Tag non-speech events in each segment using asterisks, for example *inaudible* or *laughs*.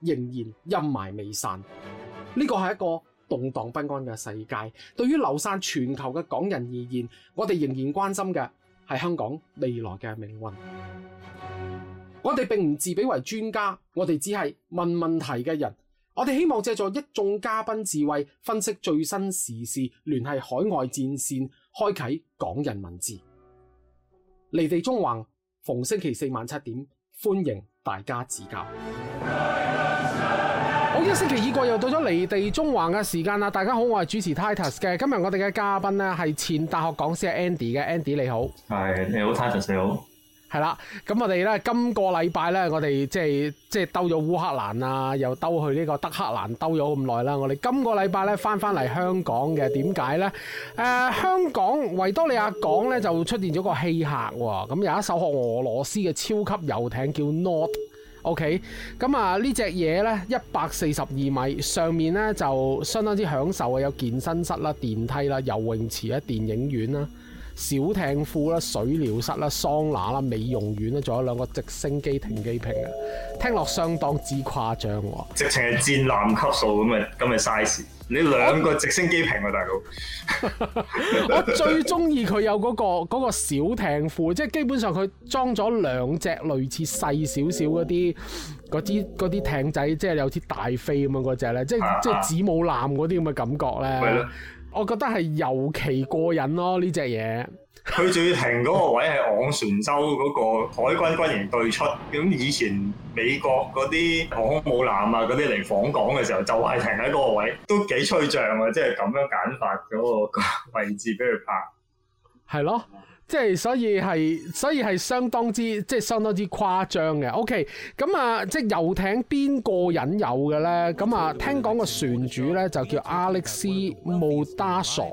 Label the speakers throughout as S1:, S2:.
S1: 仍然陰霾未散，呢個係一個動盪不安嘅世界。對於流散全球嘅港人而言，我哋仍然關心嘅係香港未來嘅命運。我哋並唔自比為專家，我哋只係問問題嘅人。我哋希望借助一眾嘉賓智慧，分析最新時事，聯繫海外戰線，開啟港人文字離地縱橫，逢星期四晚七點，歡迎大家指教。好，一星期已過又到咗離地縱橫嘅時間啦！大家好，我係主持 Titus 嘅。今日我哋嘅嘉賓呢，係前大學講師 Andy 嘅，Andy 你好，係你好 Titus，你好，係啦。咁我哋呢，今個禮拜呢，我哋即係即係兜咗烏克蘭啊，又兜去呢個德黑蘭兜咗咁耐啦。我哋今個禮拜呢，翻翻嚟香港嘅，點解呢？誒、呃，香港維多利亞港呢，就出現咗個稀客喎。咁有一艘俄羅斯嘅超級遊艇叫 Nord。O.K. 咁啊呢隻嘢呢，一百四十二米，上面呢就相當之享受啊！有健身室啦、電梯啦、游泳池啦、電影院啦。小艇庫啦、水療室啦、桑拿啦、美容院啦，仲有兩個直升機停機坪啊！聽落相當之誇張喎，直
S2: 情係戰艦級數咁嘅，咁嘅 size。你兩個直升機坪啊，大佬！ *laughs* *laughs* 我最
S1: 中意佢有嗰個嗰個小艇庫， *laughs* 即係基本上佢裝咗兩隻類似細少少嗰啲啲啲艇仔，即係有啲大飛咁樣嗰隻咧，即係即係子母艦嗰啲咁嘅感覺咧。我覺得係尤其過癮咯呢隻嘢，佢仲要停嗰個
S2: 位係昂船洲嗰個海軍軍營對出，咁以前美國嗰啲航空母艦啊嗰啲嚟訪港嘅時候，就係停喺嗰個位，都幾吹脹啊！即係咁樣揀法嗰個位置俾佢，就是、拍，
S1: 係咯。即係所以係所以係相當之，即係相當之誇張嘅。OK，咁啊，即係遊艇邊個人有嘅咧？咁啊，聽講個船主咧就叫 Alex Modasov，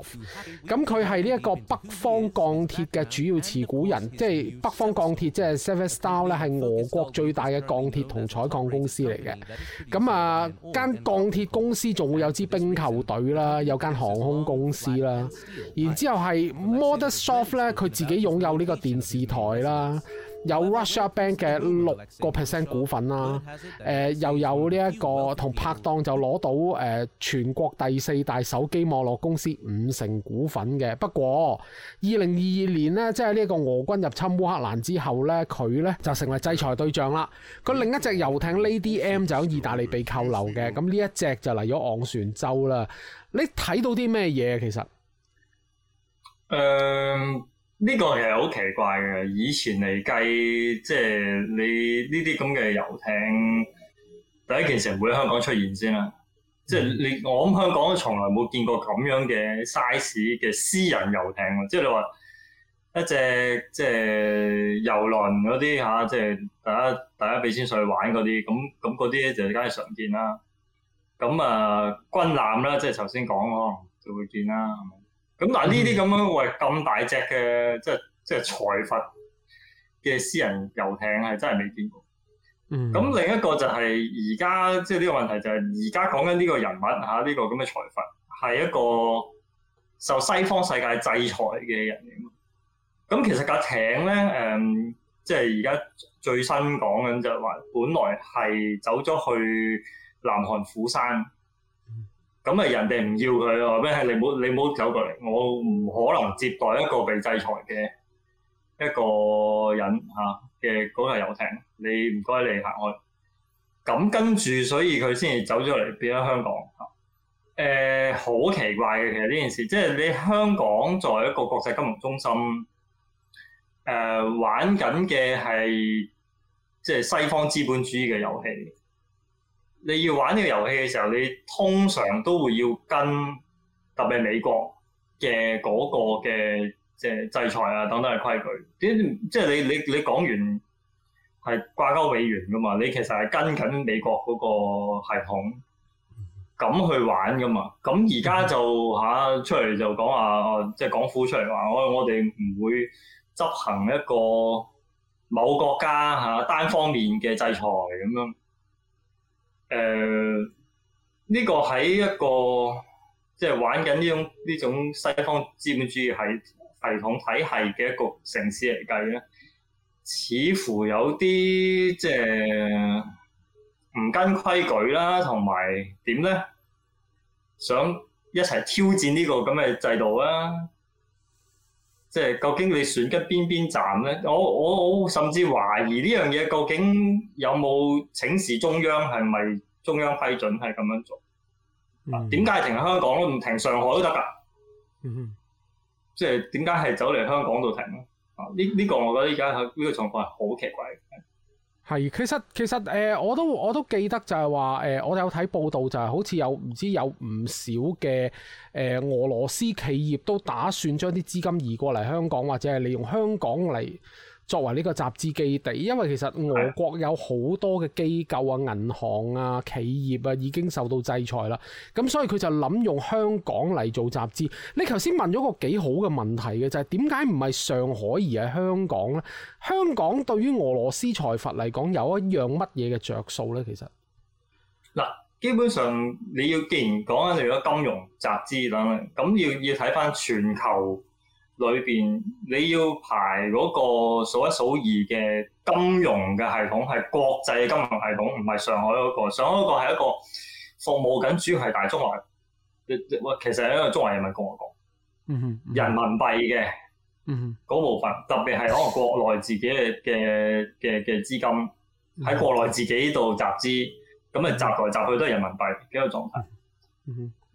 S1: 咁佢係呢一個北方鋼鐵嘅主要持股人，即係北方鋼鐵即係 Severstal 咧，係俄國最大嘅鋼鐵同採礦公司嚟嘅。咁啊，間鋼鐵公司仲會有支冰球隊啦，有間航空公司啦，然之後係 Modasov 咧，佢自自己擁有呢個電視台啦，有 Russia Bank 嘅六個 percent 股份啦，誒、呃、又有呢、這、一個同拍檔就攞到誒、呃、全國第四大手機網絡公司五成股份嘅。不過二零二二年呢，即係呢一個俄軍入侵烏克蘭之後呢，佢呢就成為制裁對象啦。佢另一隻遊艇 Lady M 就喺意大利被扣留嘅，咁呢一隻就嚟咗昂船洲啦。你睇到啲咩嘢？其實，
S2: 誒、嗯。呢個其實好奇怪嘅，以前嚟計，即係你呢啲咁嘅遊艇，第一件事唔會喺香港出現先啦。即係你我諗香港都從來冇見過咁樣嘅 size 嘅私人遊艇。即係你話一隻即係遊輪嗰啲嚇，即係大家大家俾錢上去玩嗰啲，咁咁嗰啲咧就梗係常見啦。咁啊、呃，軍艦啦，即係頭先講，可能就會見啦。咁嗱，呢啲咁樣喂，咁大隻嘅即係即係財閥嘅私人遊艇，係真係未見過。咁、嗯、另一個就係而家即係呢個問題就係而家講緊呢個人物嚇呢、呢個咁嘅財閥係一個受西方世界制裁嘅人嚟。咁其實架艇咧誒，即係而家最新講緊就係話，本來係走咗去南韓釜山。咁咪人哋唔要佢咯？咩，係你唔好，你唔好走過嚟？我唔可能接待一個被制裁嘅一個人嘅嗰個遊艇。你唔該你行開。咁跟住，所以佢先至走咗嚟，變咗香港嚇。好、啊啊、奇怪嘅其實呢件事，即係你香港作為一個國際金融中心，誒、啊、玩緊嘅係即係西方資本主義嘅遊戲。你要玩呢個遊戲嘅時候，你通常都會要跟特別美國嘅嗰個嘅即係制裁啊等等嘅規矩。點即係你你你講完係掛鈎美元㗎嘛？你其實係跟緊美國嗰個系統咁去玩㗎嘛？咁而家就嚇出嚟就講話，即係港府出嚟話，我我哋唔會執行一個某國家嚇單方面嘅制裁咁樣。誒、呃、呢、這個喺一個即係、就是、玩緊呢種呢種西方資本主義系統體系嘅一個城市嚟計咧，似乎有啲即係唔跟規矩啦，同埋點咧，想一齊挑戰呢個咁嘅制度啦。即係究竟你選吉邊邊站咧？我我我甚至懷疑呢樣嘢究竟有冇請示中央係咪中央批准係咁樣做？
S3: 嗱，
S2: 點解停喺香港都唔停上海都得㗎？Mm -hmm. 即係點解係走嚟香港度停咧？啊，呢、呢、呢個我覺得而家係呢個狀況係好奇怪嘅。
S1: 係，其實其實、呃、我都我都記得就係話、呃，我我有睇報道就係好似有唔知有唔少嘅、呃、俄羅斯企業都打算將啲資金移過嚟香港，或者係利用香港嚟，作為呢個集資基地，因為其實俄國有好多嘅機構啊、銀行啊、企業啊已經受到制裁啦，咁所以佢就諗用香港嚟做集資。你頭先問咗個幾好嘅問題嘅就係點解唔係上海而係香港呢？香港對於俄羅斯財閥嚟講有一樣乜嘢嘅着數呢？其實
S2: 嗱，基本上你要既然講緊嚟講金融集資啦，咁要要睇返全球。裏面你要排嗰個數一數二嘅金融嘅系統，係國際金融系統，唔係上海嗰、嗰個。上海嗰個係一個服務緊主要係大中華，其實係一個中華人民共和國，mm -hmm. 人民幣嘅嗰、mm -hmm. 部分，特別係可能國內自己嘅嘅嘅資金喺國內自己度集資，咁啊集來集去都係人民幣嘅幾個狀態。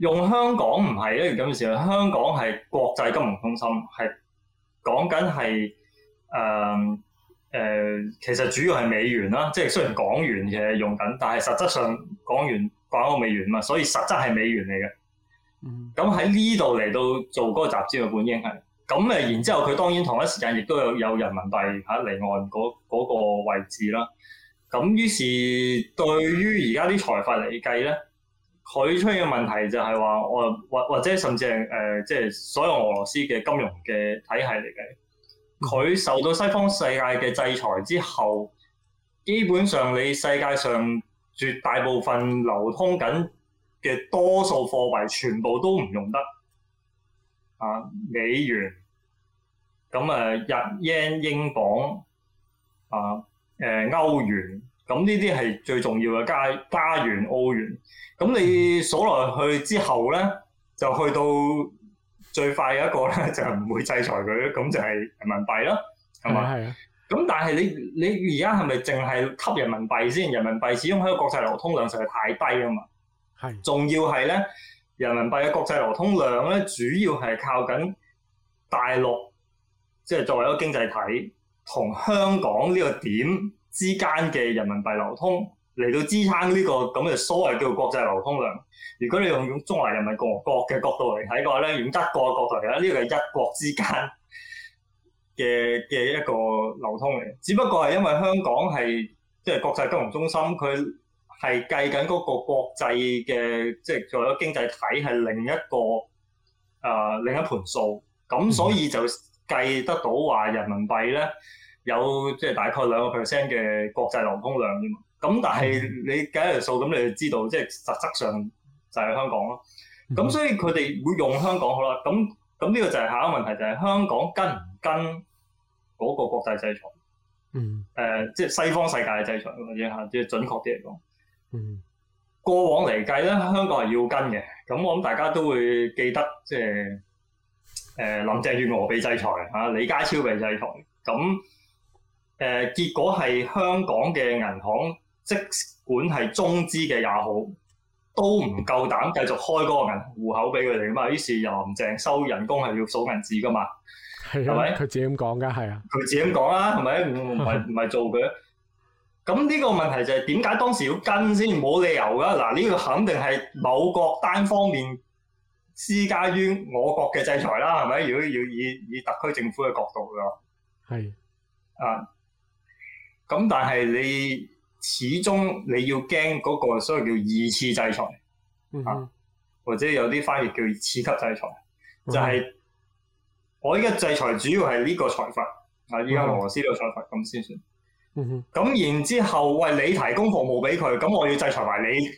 S2: 用香港唔係一樣咁嘅事，香港係國際金融中心，係講緊係誒誒，其實主要係美元啦，即係雖然港元其實用緊，但係實質上港元掛個美元嘛，所以實質係美元嚟嘅。咁喺呢度嚟到做嗰個集資嘅本應係，咁誒然之後佢當然同一時間亦都有有人民幣喺離岸嗰個位置啦。咁於是對於而家啲財閥嚟計咧。佢出現嘅問題就係話，我或或者甚至係誒即係所有俄羅斯嘅金融嘅體系嚟嘅。佢受到西方世界嘅制裁之後，基本上你世界上絕大部分流通緊嘅多數貨幣，全部都唔用得啊，美元咁日英英鎊、啊、啊、呃，歐元。咁呢啲係最重要嘅加加元、澳元，咁你鎖落去之後咧，就去到最快嘅一個咧，就係唔會制裁佢，咁就係人民幣囉，係嘛？係啊。咁但係你你而家係咪淨係吸人民幣先？人民幣始終喺個國際流通量實在太低啊嘛。係。仲要係咧，人民幣嘅國際流通量咧，主要係靠緊大陸，即係作為一個經濟體同香港呢個點。之間嘅人民幣流通嚟到支撐呢個咁嘅所謂叫做國際流通量。如果你用中華人民共和國嘅角度嚟睇嘅話咧，用德國嘅角度嚟啦，呢、呢個係一國之間嘅嘅一個流通嚟。只不過係因為香港係即係國際金融中心，佢係計緊嗰個國際嘅即係作為經濟體係另一個啊、呃、另一盤數，咁所以就計得到話人民幣咧。有即係大概兩個 percent 嘅國際流通量啫嘛。咁但係你計一條數，咁你就知道即係實質上就係香港咯。咁、嗯、所以佢哋會用香港好啦。咁咁呢個就係下一個問題，就係、是、香港跟唔跟嗰個國際制裁？嗯。誒、呃，即係西方世界嘅制裁，或者嚇即係準確啲嚟講。嗯。過往嚟計咧，香港係要跟嘅。咁我諗大家都會記得，即係誒林鄭月娥被制裁嚇，李家超被制裁咁。誒結果係香港嘅銀行，即管係中資嘅也好，都唔夠膽繼續開嗰個銀戶口俾佢哋啊嘛！於是又唔淨收人工，係要數銀紙噶嘛？
S1: 係咪、啊？佢自己咁講㗎，係啊！佢
S2: 自己咁講啦，係咪？唔唔係唔係做嘅？咁 *laughs* 呢個問題就係點解當時要跟先冇理由㗎？嗱、啊，呢、呢個肯定係某國單方面施加於我國嘅制裁啦，係咪？如果要以以特區政府嘅角度㗎，係啊。咁但係你始終你要驚嗰個所謂叫二次制裁，mm -hmm. 啊、或者有啲翻譯叫次級制裁，mm -hmm. 就係我依家制裁主要係呢個財閥，mm -hmm. 啊依家俄羅斯呢個財閥咁先算，咁、mm -hmm. 然之後為你提供服務俾佢，咁我要制裁埋你，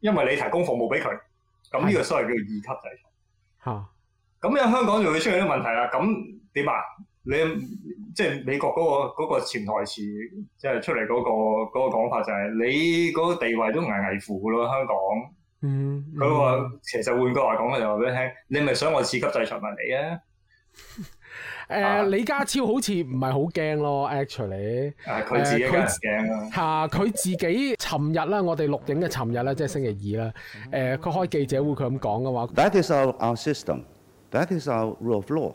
S2: 因為你提供服務俾佢，咁呢個所謂叫二級制裁，啊咁樣香港就會出現啲問題啦，咁點啊？你即係美國嗰、那個嗰、那個、潛台詞，即、就、係、是、出嚟嗰、那個嗰講、那個、法就係、是，你嗰個地位都危危乎嘅咯，香港。嗯，佢話、嗯、其實換句話講，就話俾你聽，你咪想我次級制裁埋你啊？
S1: 誒、呃，李家超好似唔係好驚咯，actually、啊。佢自己驚啊！佢自己，尋日咧，我哋錄影嘅尋日咧，即係星期二啦。誒、呃，佢開記者會，佢咁講嘅話。
S3: That is our, our system. That is our rule of law.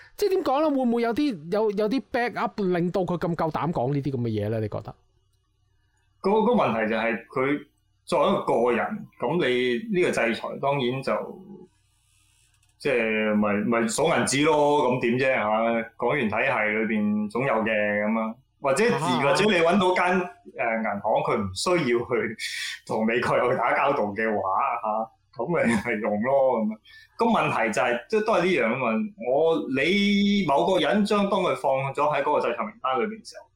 S1: 即係點講咧？會唔會有啲有有啲 back up 令到佢咁夠膽講呢啲咁嘅嘢咧？你覺得？
S2: 個，個問題就係佢作為一個個人，咁你呢個制裁當然就即係咪咪數銀紙咯？咁點啫吓？港元體系裏邊總有嘅咁啊，或者或者你揾到間誒銀行，佢唔需要去同美國去打交道嘅話吓。咁咪係用咯咁問題就係、是、即都係呢樣咁我你某個人將當佢放咗喺嗰個制裁名單裏面嘅時候、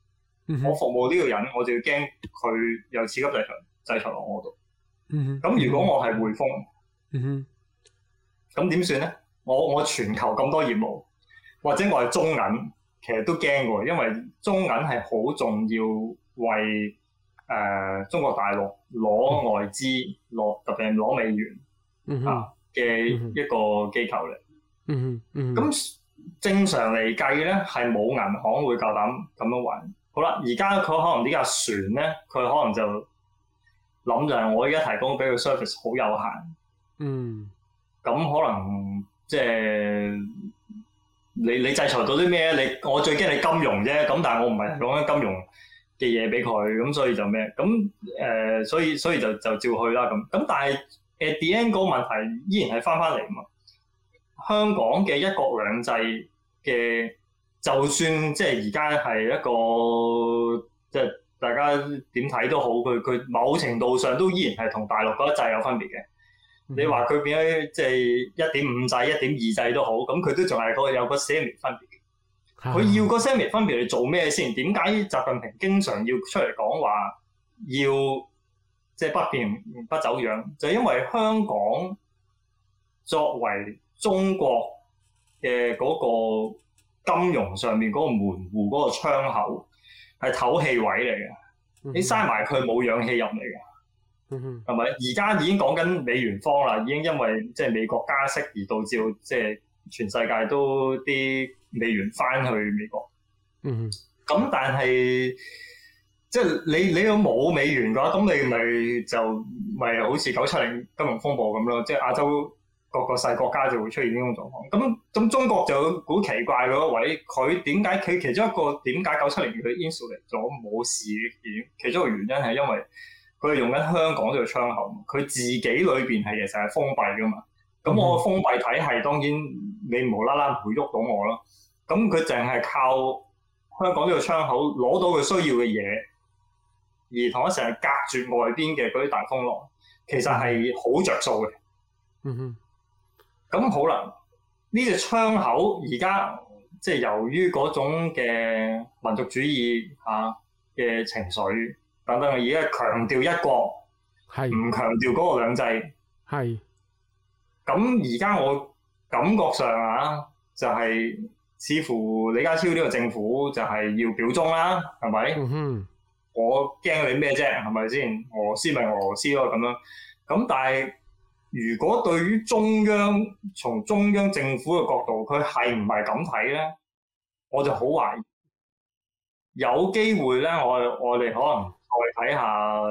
S2: 嗯，我服務呢個人，我就要驚佢有次級制裁制裁落我度。
S3: 咁、嗯、如果
S2: 我係匯豐，咁點算咧？我我全球咁多業務，或者我係中銀，其實都驚嘅，因為中銀係好重要為誒、呃、中國大陸攞外資攞特別係攞美元。嗯嘅、Uh-huh. 一個機構嚟，
S3: 咁、
S2: Uh-huh. Uh-huh. 正常嚟計咧係冇銀行會夠膽咁樣玩。好啦，而家佢可能船呢架船咧，佢可能就諗就係我而家提供俾佢 service 好有限。嗯，咁可能即係、就是、你你制裁到啲咩？你我最驚你金融啫。咁但係我唔係講緊金融嘅嘢俾佢，咁所以就咩？咁誒、呃，所以所以就就照去啦。咁咁但係。誒，D.N. 嗰個問題依然係返返嚟啊嘛！香港嘅一國兩制嘅，就算即係而家係一個，即係大家點睇都好，佢佢某程度上都依然係同大陸嗰一制有分別嘅。你話佢變咗即係一點五制、一點二制都好，咁佢都仲係個有個些微分別嘅。
S3: 佢要
S2: 個些微分別嚟做咩先？點解習近平經常要出嚟講話要？即係不變不走樣，就因為香港作為中國嘅嗰個金融上面嗰個門戶嗰個窗口係透氣位嚟嘅，你閂埋佢冇氧氣入嚟
S3: 嘅，係、
S2: 嗯、咪？而家已經講緊美元荒啦，已經因為即係美國加息而導致即係全世界都啲美元翻去美國，咁但係。即係你你如果冇美元嘅話，咁你咪就咪好似九七零金融風暴咁咯，即係亞洲各個細國家就會出現呢種狀況。咁咁中國就好奇怪嗰一位，佢點解佢其中一個點解九七零佢因素嚟咗冇事嘅原因，其中一個原因係因為佢係用緊香港呢個窗口，佢自己裏邊係其實係封閉噶嘛。咁我封閉體系，當然你無啦啦唔會喐到我啦。咁佢淨係靠香港呢個窗口攞到佢需要嘅嘢。而同一成日隔住外邊嘅嗰啲大風浪，其實係好着數嘅。嗯哼，咁好啦，呢隻窗口而家即係由於嗰種嘅民族主義啊嘅情緒等等，而家強調一國，係唔強調嗰個兩制，係。咁而家我感覺上啊，就係似乎李家超呢個政府就係要表忠啦，係咪？嗯哼。我驚你咩啫？係咪先？俄羅斯咪俄羅斯咯咁樣。咁但係，如果對於中央，從中央政府嘅角度，佢係唔係咁睇咧？我就好懷疑。有機會咧，我我哋可能去睇下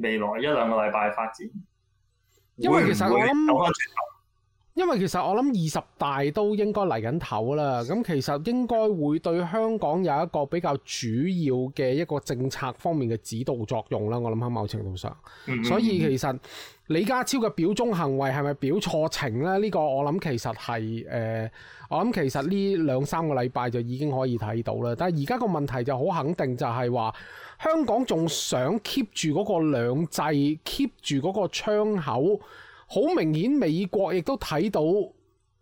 S2: 未來一兩個禮拜發展。因為其實
S1: 因為其實我諗二十大都應該嚟緊頭啦，咁其實應該會對香港有一個比較主要嘅一個政策方面嘅指導作用啦。我諗喺某程度上嗯嗯嗯，所以其實李家超嘅表忠行為係咪表錯情呢？呢、這個我諗其實係誒、呃，我諗其實呢兩三個禮拜就已經可以睇到啦。但係而家個問題就好肯定就係話，香港仲想 keep 住嗰個兩制，keep 住嗰個窗口。好明顯，美國亦都睇到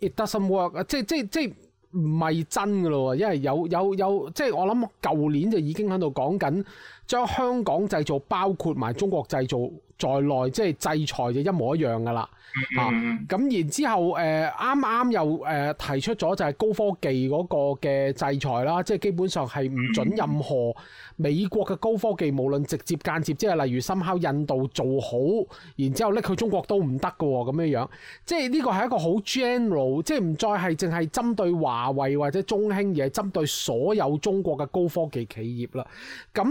S1: it doesn't work 啊！即即即唔係真噶咯，因為有有有即係我諗舊年就已經喺度講緊將香港製造包括埋中國製造在內，即係制裁就一模一樣噶啦。啊！咁然之後，誒啱啱又誒提出咗就係高科技嗰個嘅制裁啦，即係基本上係唔準任何美國嘅高科技，無論直接間接，即係例如深敲印度做好，然之後拎去中國都唔得㗎喎，咁樣樣，即係呢個係一個好 general，即係唔再係淨係針對華為或者中興，而係針對所有中國嘅高科技企業啦，咁。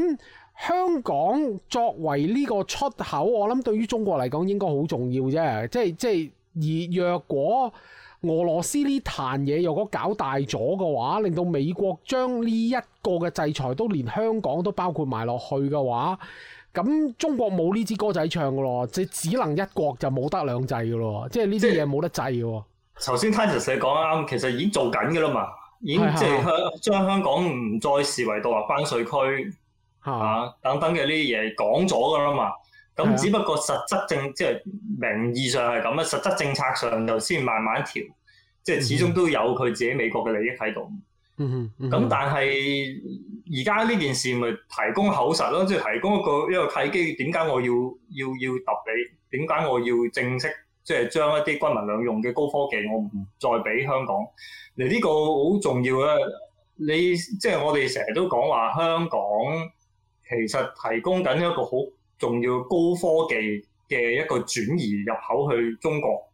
S1: 香港作為呢個出口，我諗對於中國嚟講應該好重要啫。即係即係，而若果俄羅斯呢壇嘢若果搞大咗嘅話，令到美國將呢一個嘅制裁都連香港都包括埋落去嘅話，咁中國冇呢支歌仔唱嘅咯，即只能一國就冇得兩制嘅咯。即係呢啲嘢冇得制嘅。
S2: 頭先 Titus 你講啱，其實已經做緊嘅啦嘛，已經即係將香港唔再視為獨立關稅區。嚇、啊，等等嘅呢啲嘢講咗噶啦嘛，咁只不過實質政即係名義上係咁啊，實質政策上就先慢慢調，即係始終都有佢自己美國嘅利益喺度。嗯、mm、
S3: 咁 -hmm.
S2: 但係而家呢件事咪提供口實咯，即係提供一個一個契機。點解我要要要揼你？點解我要正式即係、就是、將一啲軍民兩用嘅高科技，我唔再俾香港？嚟、這、呢個好重要啊！你即係我哋成日都講話香港。其實提供緊一個好重要的高科技嘅一個轉移入口去中國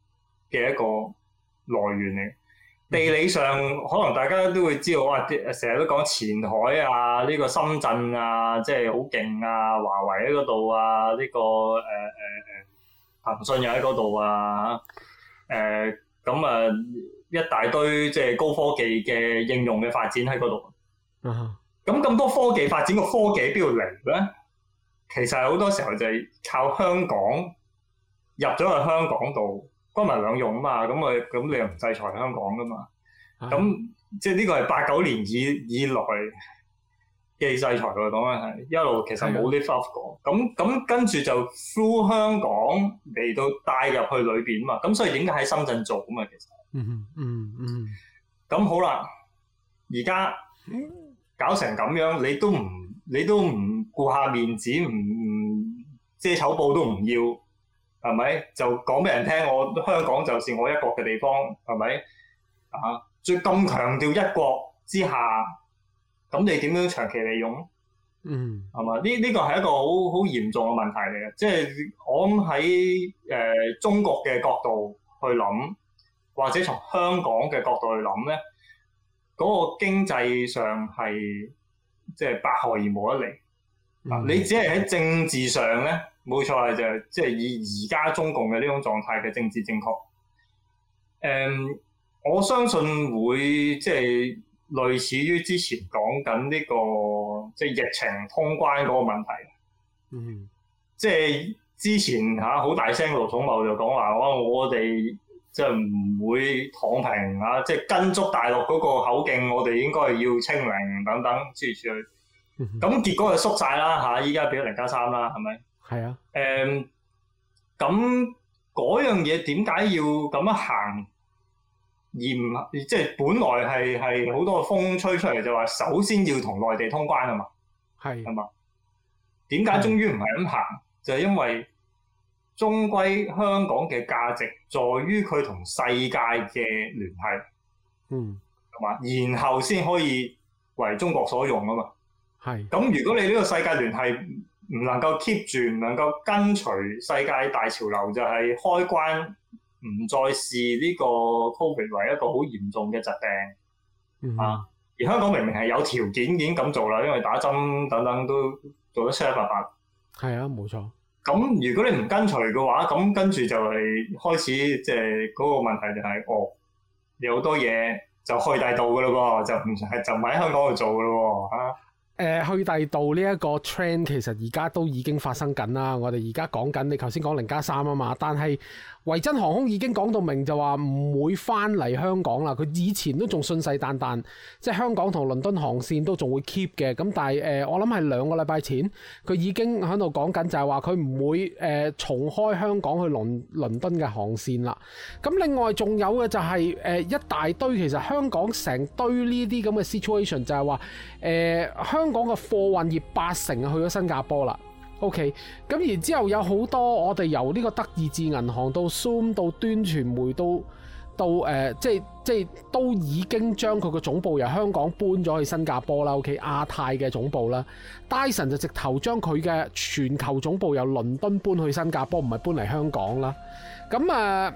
S2: 嘅一個來源嚟。地理上可能大家都會知道，哇！成日都講前海啊，呢、啊這個深圳啊，即係好勁啊，華為喺嗰度啊，呢、這個誒誒誒，騰訊又喺嗰度啊，誒、啊、咁啊，啊，一大堆即係高科技嘅應用嘅發展喺嗰度。嗯咁咁多科技發展嘅科技邊度嚟咧？其實好多時候就係靠香港入咗去香港度，軍民兩用啊嘛。咁咁你又唔制裁香港噶嘛？咁、嗯、即係呢個係八九年以以來嘅制裁嚟講咧，係一路其實冇 lift up 過。咁咁跟住就 through 香港嚟到帶入去裏面啊嘛。咁所以點解喺深圳做啊嘛？其實嗯嗯嗯，咁、嗯嗯、好啦，而家。嗯搞成咁樣，你都唔你都唔顧下面子，唔遮醜布都唔要，係咪？就講俾人聽，我香港就是我一國嘅地方，係咪？啊！最咁強調一國之下，咁你點樣長期利用？
S3: 嗯，
S2: 係嘛？呢呢個係一個好好嚴重嘅問題嚟嘅，即係我諗喺呃中國嘅角度去諗，或者從香港嘅角度去諗咧。嗰、那個經濟上係即係百害而無一利。嗯，你只係喺政治上咧，冇錯就係即係以而家中共嘅呢種狀態嘅政治正確。誒、嗯，我相信會即係、就是、類似於之前講緊呢個即係、就是、疫情通關嗰個問題。嗯，即、
S3: 就、
S2: 係、是、之前吓，好大聲，盧寵茂就講話話我哋。即係唔會躺平啊！即係跟足大陸嗰個口徑，我哋應該要清零等等之類。咁 *laughs* 結果就縮晒啦吓，依家俾咗零加三啦，係咪？係啊。誒、嗯，咁嗰樣嘢點解要咁樣行，而唔係即係本來係係好多嘅風吹出嚟就話，首先要同內地通關啊嘛。係。係嘛？點解終於唔係咁行？就係因為。終歸香港嘅價值在於佢同世界嘅聯繫，嗯，係嘛，然後先可以為中國所用啊嘛。係咁，如果你呢個世界聯繫唔能夠 keep 住，唔能夠跟隨世界大潮流，就係、是、開關唔再視呢個 COVID 為一個好嚴重嘅疾病、嗯、啊。而香港明明係有條件已經咁做啦，因為打針等等都做得七七八八。
S1: 係啊，冇錯。
S2: 咁如果你唔跟隨嘅話，咁跟住就係開始即係嗰個問題就係、是、哦，有好多嘢就去第度嘅喇喎，就唔係就唔喺香港度做㗎嘞喎吓。
S1: 誒，去第度呢一個 trend 其實而家都已經發生緊啦。我哋而家講緊你頭先講零加三啊嘛，但係。維珍航空已經講到明就話唔會翻嚟香港啦，佢以前都仲信誓旦旦，即係香港同倫敦航線都仲會 keep 嘅。咁但係誒、呃，我諗係兩個禮拜前，佢已經喺度講緊就係話佢唔會誒、呃、重開香港去倫倫敦嘅航線啦。咁另外仲有嘅就係、是、誒、呃、一大堆，其實香港成堆呢啲咁嘅 situation 就係話誒香港嘅貨運業八成去咗新加坡啦。O.K. 咁然之後有好多我哋由呢個德意志銀行到 Zoom 到端傳媒都到誒、呃，即係即係都已經將佢個總部由香港搬咗去新加坡啦。O.K. 亞太嘅總部啦，Dyson 就直頭將佢嘅全球總部由倫敦搬去新加坡，唔係搬嚟香港啦。咁誒。呃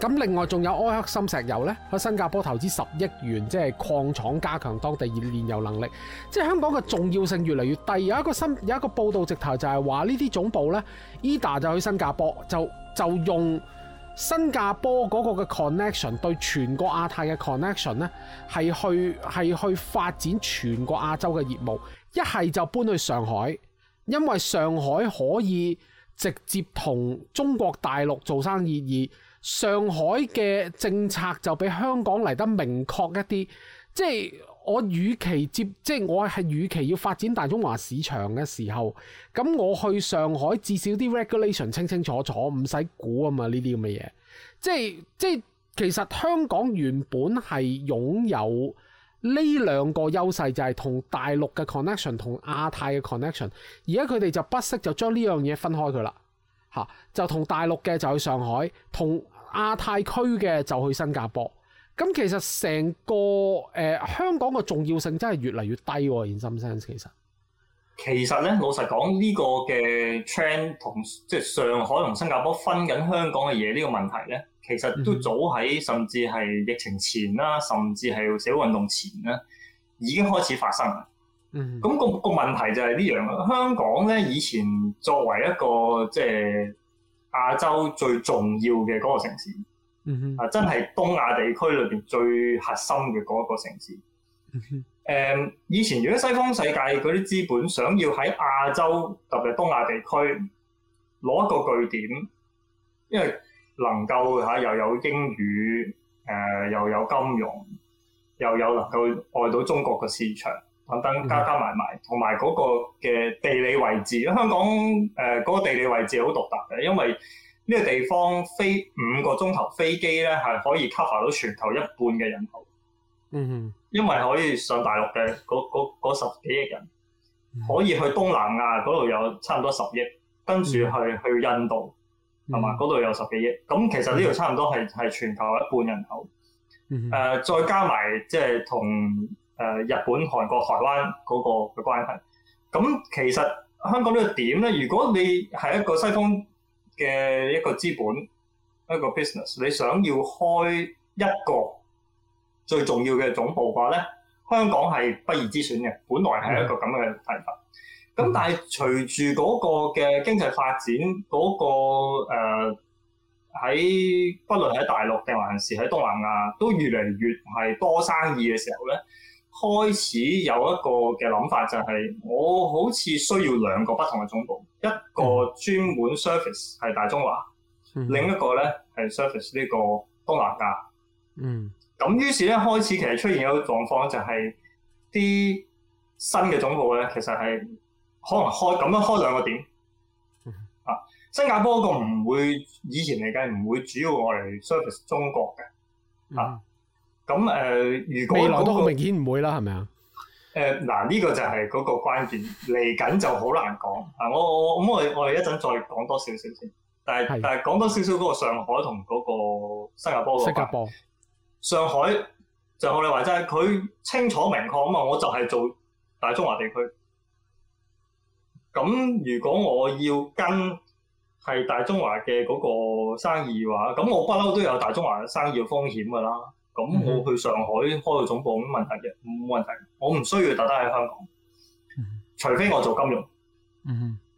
S1: 咁另外仲有埃克森石油咧，喺新加坡投資十億元，即係礦廠加強當地煉油能力。即係香港嘅重要性越嚟越低。有一個新有一個報道直頭就係話呢啲總部咧，伊 d a 就去新加坡，就就用新加坡嗰個嘅 connection 對全國亞太嘅 connection 咧，係去係去發展全國亞洲嘅業務。一係就搬去上海，因為上海可以直接同中國大陸做生意而。上海嘅政策就比香港嚟得明確一啲，即係我與其接，即係我係與其要發展大中華市場嘅時候，咁我去上海至少啲 regulation 清清楚楚，唔使估啊嘛呢啲咁嘅嘢，即係即係其實香港原本係擁有呢兩個優勢，就係同大陸嘅 connection 同亞太嘅 connection，而家佢哋就不惜就將呢樣嘢分開佢啦，吓，就同大陸嘅就去上海同。亞太區嘅就去新加坡，咁其實成個誒、呃、香港嘅重要性真係越嚟越低喎、啊。in some sense 其實
S2: 其實咧，老實講呢、呢個嘅 trend 同即係上海同新加坡分緊香港嘅嘢呢個問題咧，其實都早喺甚至係疫情前啦、嗯，甚至係社會運動前咧已經開始發生。咁、嗯，嗰個個問題就係呢樣香港咧，以前作為一個即係。亞洲最重要嘅嗰個城市，
S3: 啊、嗯，真
S2: 係東亞地區裏面最核心嘅嗰個城市。嗯 uh, 以前如果西方世界嗰啲資本想要喺亞洲特別東亞地區攞一個據點，因為能夠、啊、又有英語、呃，又有金融，又有能夠愛到中國嘅市場。等等，加加埋埋，同埋嗰個嘅地理位置，香港嗰、呃嗰個地理位置好獨特嘅，因為呢個地方飛五個鐘頭飛機咧，係可以 cover 到全球一半嘅人口。嗯
S3: 哼，
S2: 因為可以上大陸嘅嗰十幾億人，可以去東南亞嗰度有差唔多十億，跟住去去印度係嘛？嗰、嗯、度有，有十幾億，咁其實呢度差唔多係、嗯、全球一半人口。誒、呃，再加埋即係同。就是誒日本、韓國、台灣嗰個嘅關係，咁其實香港呢個點咧？如果你係一個西方嘅一個資本一個 business，你想要開一個最重要嘅總部嘅話咧，香港係不二之選嘅，本來係一個咁嘅睇法。咁、嗯、但係隨住嗰個嘅經濟發展，嗰、那個喺、呃、不論喺大陸定還是喺東南亞，都越嚟越係多生意嘅時候咧。開始有一個嘅諗法就係、是，我好似需要兩個不同嘅總部，一個專門 service 係大中華、嗯，另一個呢，係 service 呢個東南亞。嗯，咁於是呢，開始其實出現一個狀況就係、是，啲新嘅總部呢，其實係可能開咁樣開兩個點啊，新加坡嗰個唔會以前嚟緊唔會主要我嚟 service 中國嘅啊。嗯咁誒、呃，如果嗰、那個未來都好明
S1: 顯唔會啦，係咪啊？
S2: 誒、呃，嗱，呢個就係嗰個關鍵嚟緊就好難講。我我咁我我哋一陣再講多少少先。但係但係講多少少嗰個上海同嗰個新加坡個。新加坡。上海，上海咧，你話齋係、是、佢清楚明確啊嘛！我就係做大中華地區。咁如果我要跟係大中華嘅嗰個生意嘅話，咁我不嬲都有大中華嘅生意風險㗎啦。咁我去上海開到總部，咁問題嘅，冇、mm -hmm. 問題。我唔需要特登喺香港，mm -hmm. 除非我做金融。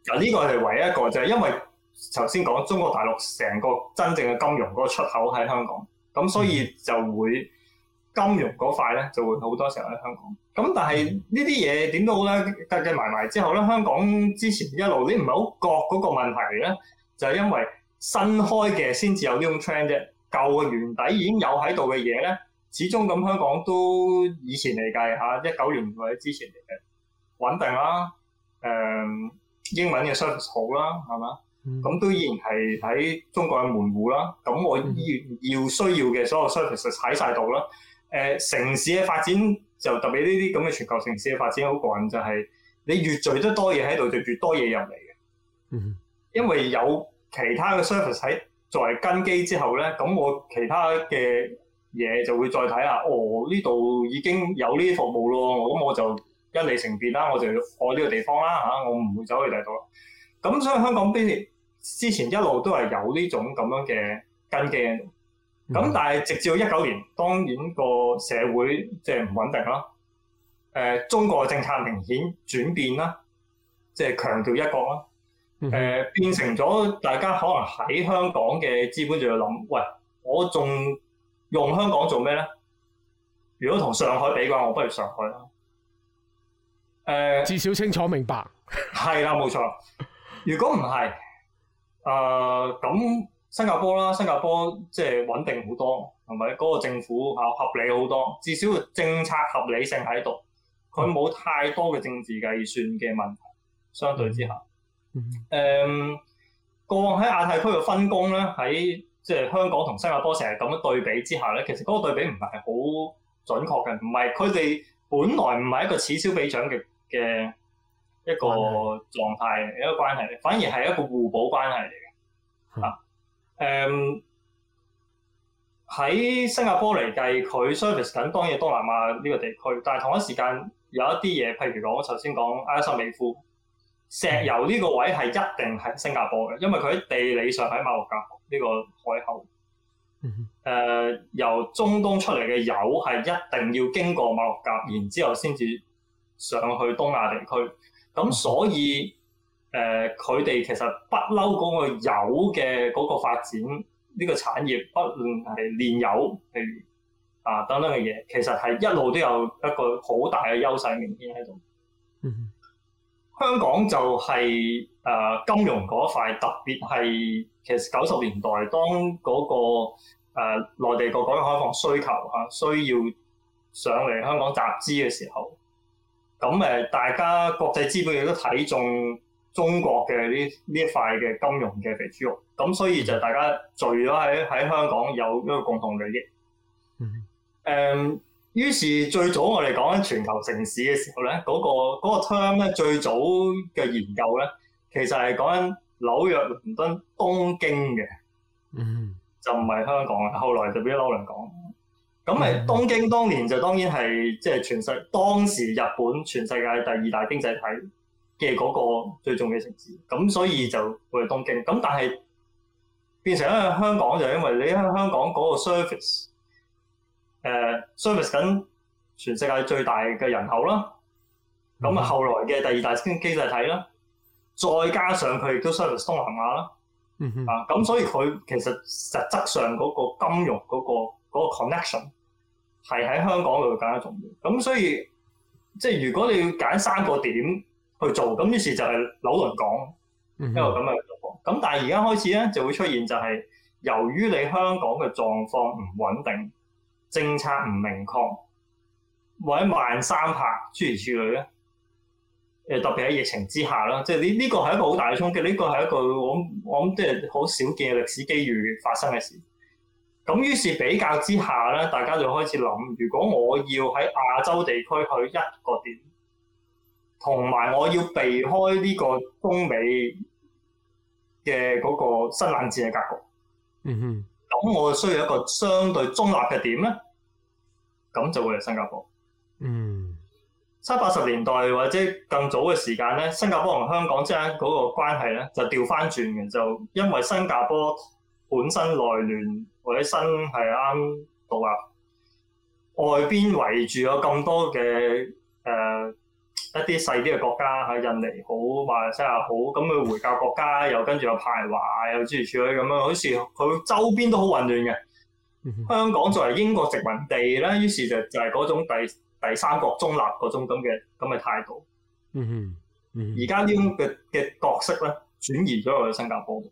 S2: 嗱，呢個係唯一一個啫。就係、因為頭先講中國大陸成個真正嘅金融嗰個出口喺香港，咁所以就會金融嗰塊咧就會好多時候喺香港。咁但係呢啲嘢點都好咧，計計埋埋之後咧，香港之前一路呢唔係好覺嗰個問題咧，就係、係、因為新開嘅先至有呢種 trend 嘅。舊嘅原底已經有喺度嘅嘢咧，始終咁香港都以前嚟計，嚇一九年或者之前嚟計穩定啦、嗯，英文嘅 service 好啦，係嘛？咁、嗯、都依然係喺中國嘅門戶啦。咁我依要需要嘅所有 service 喺晒度啦。誒、嗯呃、城市嘅發展就特別呢啲咁嘅全球城市嘅發展好過癮，就係、是、你越聚得多嘢喺度，就越多嘢入嚟嘅。因為有其他嘅 service 喺。作為根基之後咧，咁我其他嘅嘢就會再睇啦。哦，呢度已經有呢啲服務咯，咁我就一理成便啦，我就愛我呢個地方啦嚇，我唔會走去第度。咁所以香港之前一路都係有呢種咁樣嘅根基，
S3: 咁，嗯，
S2: 但係直至到一九年，當然個社會即係唔穩定啦。誒，中國嘅政策明顯轉變啦，即係強調一國啦。誒、嗯呃、變成咗大家可能喺香港嘅資本就要諗，喂，我仲用香港做咩咧？如果同上海比嘅話，我不如上海啦、
S1: 呃。至少清楚明白。
S2: 係 *laughs* 啦，冇錯。如果唔係，誒、呃、咁新加坡啦，新加坡即係穩定好多，同埋嗰個政府合理好多，至少政策合理性喺度，佢冇太多嘅政治計算嘅問題。相對之下。嗯誒、嗯，過往喺亞太區嘅分工咧，喺即係香港同新加坡成日咁樣對比之下咧，其實嗰個對比唔係好準確嘅。唔係，佢哋本來唔係一個此消彼長嘅嘅一個狀態，一個關係，反而係一個互補關係嚟嘅。嚇、嗯、誒，喺、嗯、新加坡嚟計，佢 service 緊當然東南亞呢個地區，但係同一時間有一啲嘢，譬如我頭先講阿拉斯美夫。石油呢個位係一定係新加坡嘅，因為佢喺地理上喺馬六甲呢個海口。誒、嗯呃，由中東出嚟嘅油係一定要經過馬六甲，然之後先至上去東亞地區。咁所以誒，佢、嗯、哋、呃、其實不嬲嗰個油嘅嗰個發展呢、呢個產業，不論係煉油譬如啊等等嘅嘢，其實係一路都有一個好大嘅優勢明顯喺度。嗯香港就係誒金融嗰塊，特別係其實九十年代當嗰、那個誒、呃、內地個改革開放需求嚇、啊、需要上嚟香港集資嘅時候，咁誒大家國際資本亦都睇中中國嘅呢呢一塊嘅金融嘅肥豬肉，咁所以就大家聚咗喺喺香港有一個共同利益。嗯。嗯。於是最早我哋講緊全球城市嘅時候咧，嗰個嗰個 term 咧最早嘅研究咧，其實係講緊紐約、倫敦、東京嘅，嗯、mm -hmm.，就唔係香港。後來就俾咗紐倫講，咁咪東京、mm -hmm. 當年就當然係即係全世界當時日本全世界第二大經濟體嘅嗰個最重嘅城市，咁所以就會係東京。咁但係變成一個香港就因為你喺香港嗰個 service。誒 service 緊全世界最大嘅人口啦，咁、嗯、啊後來嘅第二大經濟體啦，再加上佢亦都 service 東南亞啦、嗯，啊咁所以佢其實實質上嗰個金融嗰、嗰個嗰個 connection 係喺香港度更加重要。咁所以即係如果你要揀三個點去做，咁於是就係紐倫港一個咁嘅狀況。咁、嗯、但係而家開始咧就會出現就係、是、由於你香港嘅狀況唔穩定。政策唔明確，或者慢三拍，諸如此類咧，誒特別喺疫情之下啦，即係呢呢個係一個好大嘅衝擊，呢個係一個我我諗即係好少見嘅歷史機遇發生嘅事。咁於是比較之下咧，大家就開始諗：如果我要喺亞洲地區去一個點，同埋我要避開呢個中美嘅嗰個新冷戰嘅格局。嗯哼。咁我需要一個相對中立嘅點咧，咁就會係新加坡。嗯，七八十年代或者更早嘅時間咧，新加坡同香港之間嗰個關係咧就調翻轉嘅，然後就因為新加坡本身內亂，或者新係啱獨立，外邊圍住有咁多嘅誒。呃一啲細啲嘅國家，喺印尼好，馬來西亞好，咁佢回教國家又跟住又排華，又諸如此類咁樣，好似佢周邊都好混亂嘅。香港作為英國殖民地咧，於是就就係嗰種第第三國中立嗰種咁嘅咁嘅態度。嗯
S3: 哼，
S2: 而家呢種嘅嘅角色咧，轉移咗去新加坡度。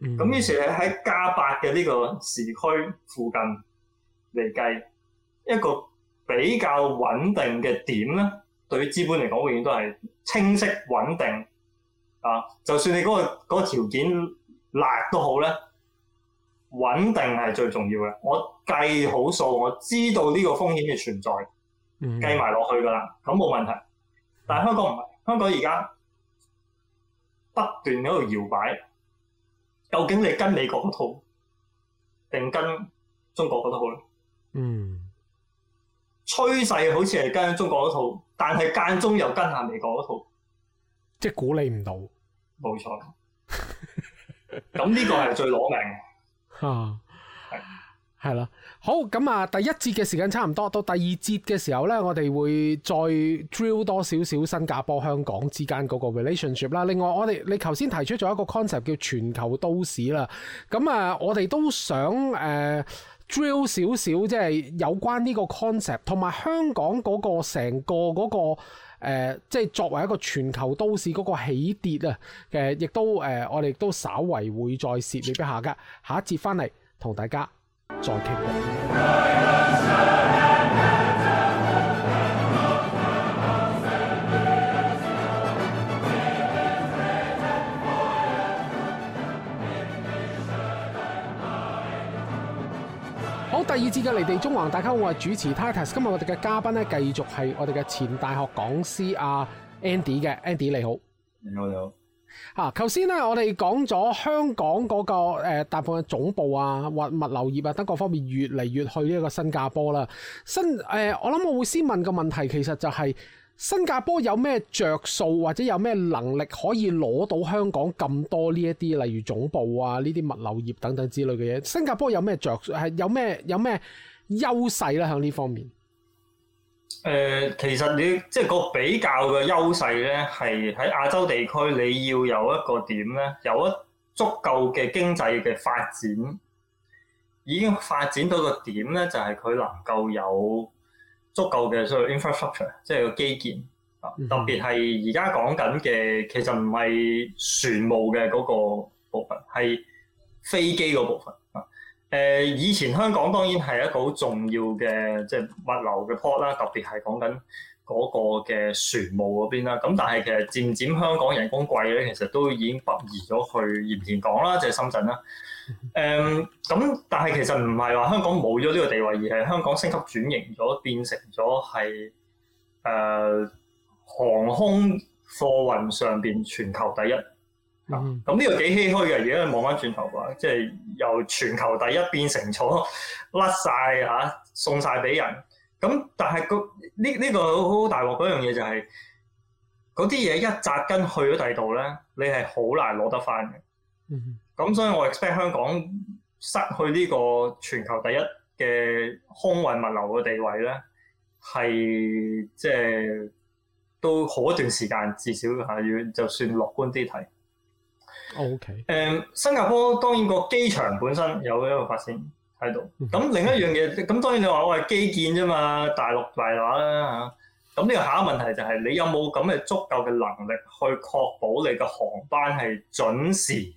S2: 咁、嗯、於是喺喺加八嘅呢個時區附近嚟計，一個比較穩定嘅點咧。對於資本嚟講，永遠都係清晰穩定啊！就算你嗰個嗰個條件辣都好咧，穩定係最重要嘅。我計好數，我知道呢個風險嘅存在，
S3: 計埋
S2: 落去㗎啦，咁冇問題。但係香港唔係香港，而家不斷喺度搖擺，究竟你跟美國嗰套定跟中國嗰套咧？嗯。趨勢好似係跟中國嗰一套，但係間中又跟下美國嗰一套，
S1: 即估你唔到，
S2: 冇錯。咁 *laughs* 呢個係最攞命
S1: 嘅。啊，係係啦。好，咁啊，第一節嘅時間差唔多，到第二節嘅時候呢，我哋會再 drill 多少少新加坡、香港之間嗰個 relationship 啦。另外，我哋你頭先提出咗一個 concept 叫全球都市啦，咁啊，我哋都想、呃 drill 少少即係有關呢個 concept，同埋香港嗰個成個嗰、嗰個、呃、即係作為一個全球都市嗰個起跌啊，誒亦都、呃、我哋都稍為會再涉獵一下噶，下一節翻嚟同大家再傾。第二節嘅離地縱橫，大家好，我係主持 Titus，今日我哋嘅嘉賓咧，繼續係我哋嘅前大學講師阿 Andy 嘅，Andy 你好，你好，你好。頭先咧我哋講咗香港嗰個誒大部分總部啊或物流業啊，等各方面越嚟越去呢一個新加坡啦，新誒我諗我會先問個問題，其實就係、是。新加坡有咩着數或者有咩能力可以攞到香港咁多呢一啲，例如總部啊、呢啲物流業等等之類嘅嘢？新加坡有咩着數？係有咩有咩優勢咧？喺呢方面？
S2: 誒，其實你即係、就是、個比較嘅優勢咧，係喺亞洲地區，你要有一個點咧，有一足夠嘅經濟嘅發展，已經發展到個點咧，就係、是、佢能夠有。足夠嘅所謂 infrastructure，即係個基建啊，特別係而家講緊嘅，其實唔係船務嘅嗰個部分，係飛機嗰部分啊。誒，以前香港當然係一個好重要嘅即係物流嘅 port 啦，特別係講緊，嗰、那個嘅船務嗰邊啦，咁但係其實漸漸香港人工貴咧，其實都已經北移咗去鹽田港啦，即、就、係、是、深圳啦。誒、um,，咁但係其實唔係話香港冇咗呢個地位，而係香港升級轉型咗，變成咗係誒航空貨運上邊全球第一。咁、mm、呢 -hmm. 個幾唏噓嘅，如果你望翻轉頭話，即、就、係、是、由全球第一變成咗甩晒，吓、啊，送晒俾人。咁但係個呢呢個好好大鑊嗰樣嘢就係嗰啲嘢一扎根去咗第度咧，你係好難攞得翻嘅。咁、嗯、所以我 expect 香港失去呢個全球第一嘅空運物流嘅地位咧，係即係都好一段時間，至少係要就算樂觀啲睇。
S1: O K。誒，
S2: 新加坡當然個機場本身有一個發展。喺度，咁另一樣嘢，咁當然你話我係基建啫嘛，大陸大話啦吓。咁呢個下一個問題就係你有冇咁嘅足夠嘅能力去確保你嘅航班係準時，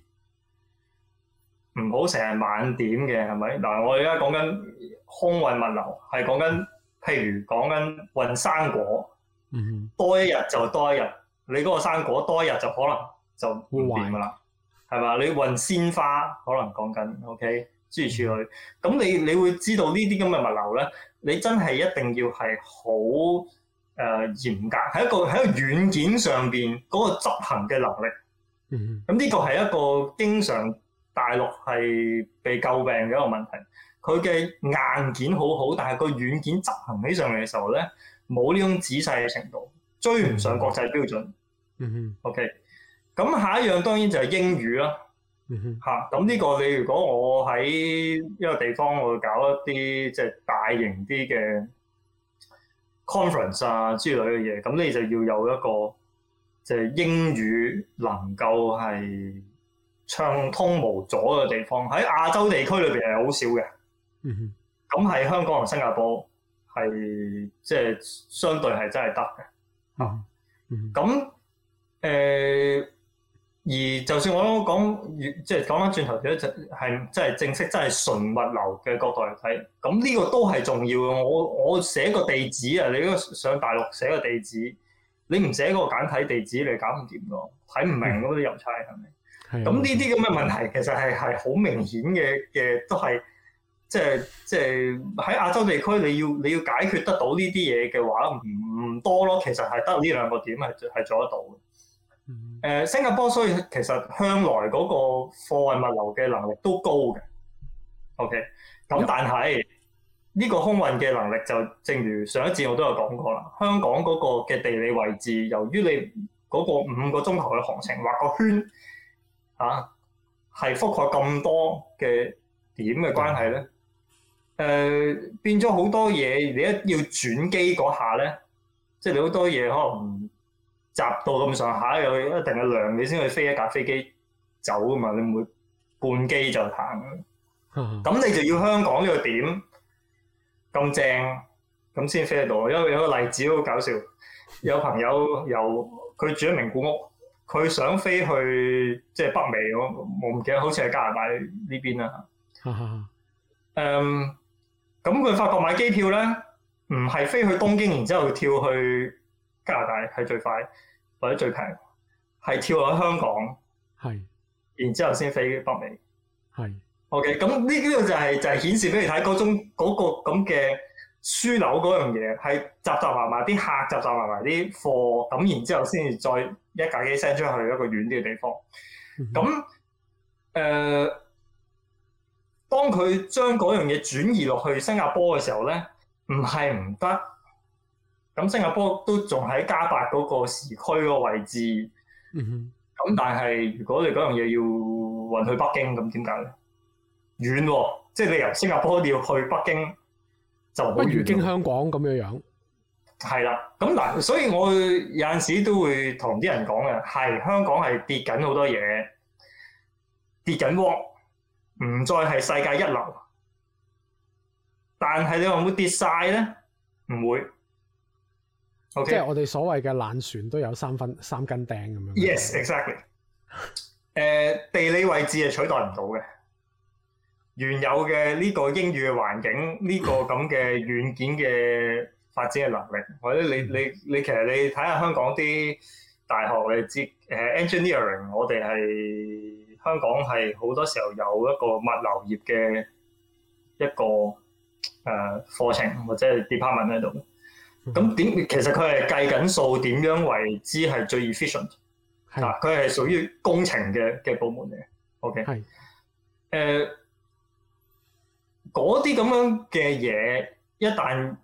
S2: 唔好成日晚點嘅係咪？嗱，我而家講緊空運物流，係講緊譬如講緊運生果，嗯，多一日就多一日，你嗰個生果多一日就可能就唔掂噶啦，係咪？你運鮮花可能講緊 OK。支持去，咁你你會知道呢啲咁嘅物流咧，你真係一定要係好誒嚴格，喺一個喺個軟件上面嗰個執行嘅能力。嗯，咁呢個係一個經常大陸係被救病嘅一個問題。佢嘅硬件好好，但係個軟件執行起上嚟嘅時候咧，冇呢種仔細嘅程度，追唔上國際標準。
S3: 嗯
S2: o k 咁下一樣當然就係英語啦。吓、嗯，咁呢個你如果我喺一個地方，我會搞一啲即係大型啲嘅 conference 啊之類嘅嘢，咁你就要有一個即係英語能夠係暢通無阻嘅地方。喺亞洲地區裏邊係好少嘅，咁、嗯、喺香港同新加坡係即係相對係真係得嘅。咁、嗯、誒。而就算我講，即係講翻轉頭，就係真係正式真係純物流嘅角度嚟睇，咁呢個都係重要嘅。我我寫個地址啊，你都上大陸寫個地址，你唔寫個簡體地址，你搞唔掂㗎，睇唔明咁啲郵差係咪？咁呢啲咁嘅問題，其實係係好明顯嘅嘅，都係即係即係喺亞洲地區，你要你要解決得到呢啲嘢嘅話，唔多咯。其實係得呢兩個點係係做得到嘅。誒、uh,，新加坡所以其實向來嗰個貨運物流嘅能力都高嘅，OK，咁但係呢個空運嘅能力就正如上一節我都有講過啦，香港嗰個嘅地理位置，由於你嗰個五個鐘頭嘅航程畫個圈，啊，係覆蓋咁多嘅點嘅關係咧，誒、yeah. uh, 變咗好多嘢，你一要轉機嗰下咧，即係你好多嘢可能。集到咁上下有一定嘅量，你先去飛一架飛機走啊嘛，你唔會半機就行。咁 *laughs* 你就要香港呢個點咁正，咁先飛得到。因為有個例子好搞笑，有朋友由佢住喺名古屋，佢想飛去即係北美，我唔記得好似喺加拿大呢邊啦。嗯，咁佢發覺買機票咧，唔係飛去東京，然之後跳去。加拿大係最快或者最平，係跳落香港，係，然之後先飛北美，係。OK，咁呢呢個就係就係顯示俾你睇嗰種嗰個咁嘅樞紐嗰樣嘢，係雜雜埋埋啲客，雜雜埋埋啲貨，咁然之後先至再一架機 send 出去一個遠啲嘅地方。咁誒，當佢將嗰樣嘢轉移落去新加坡嘅時候咧，唔係唔得。咁新加坡都仲喺加八嗰個時區個位置，咁、嗯、但係如果你嗰樣嘢要運去北京，咁點解咧？遠喎。哦，即、就、係、是、你由新加坡你要去北京就遠遠遠不如經
S1: 香港咁樣樣。
S2: 係啦，咁嗱，所以我有陣時都會同啲人講嘅，係香港係跌緊好多嘢，跌緊喎，唔再係世界一流，但係你話會跌晒咧？唔會。Okay. 即係我
S1: 哋所謂嘅爛船都有三分三根釘咁樣。Yes,
S2: exactly。誒，地理位置係取代唔到嘅，原有嘅呢個英語嘅環境，呢、呢個咁嘅軟件嘅發展嘅能力，或 *laughs* 者你你你其實你睇下香港啲大學你知誒、uh, engineering，我哋係香港係好多時候有一個物流業嘅一個、uh, 課程或者係 department 喺度。咁、嗯、點？其實佢係計緊數，點樣為之係最 efficient？嗱，佢、啊、係屬於工程嘅嘅部門嚟。O K，係誒嗰啲咁樣嘅嘢，一旦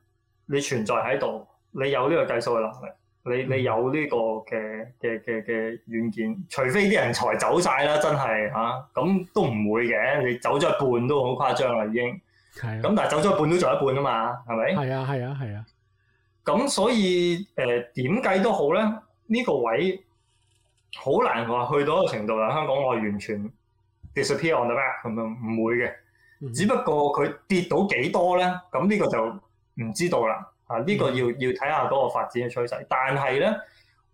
S2: 你存在喺度，你有呢個計數嘅能力，你你有呢個嘅嘅嘅嘅軟件，除非啲人才走晒啦，真係嚇，咁、啊、都唔會嘅。你走咗一半都好誇張啦，已經係。咁但係走咗一半都仲有一半啊嘛，係咪？係啊，係啊，係啊。咁所以誒點計都好咧，呢、這個位好難話去到一個程度啦。香港我完全 disappear on the map，咁樣唔會嘅、嗯。只不過佢跌到幾多咧？咁呢個就唔知道啦。啊，呢個要要睇下嗰個發展嘅趨勢。但係咧，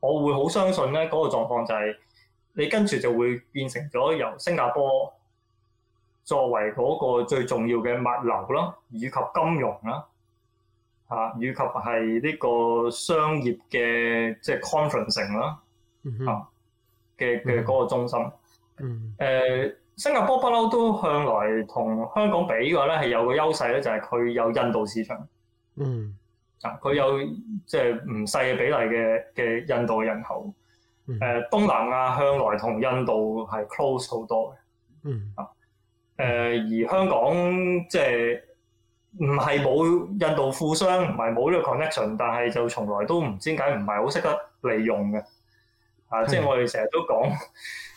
S2: 我會好相信咧嗰、那個狀況就係你跟住就會變成咗由新加坡作為嗰個最重要嘅物流啦，以及金融啦。啊，以及係呢個商業嘅即係 conference 城啦，mm -hmm. 啊嘅嘅嗰個中心。嗯、mm -hmm. 啊，誒新加坡不嬲都向來同香港比嘅話咧，係有個優勢咧，就係、是、佢有印度市場。
S3: 嗯、
S2: mm -hmm.，啊，佢有即係唔細嘅比例嘅嘅印度人口。誒、mm -hmm. 啊，東南亞向來同印度係 close 好多嘅。嗯、
S3: mm -hmm.
S2: 啊，誒而香港即係。就是唔係冇印度富商，唔係冇呢個 connection，但係就從來都唔知點解唔係好識得利用嘅。啊，即係我哋成日都講，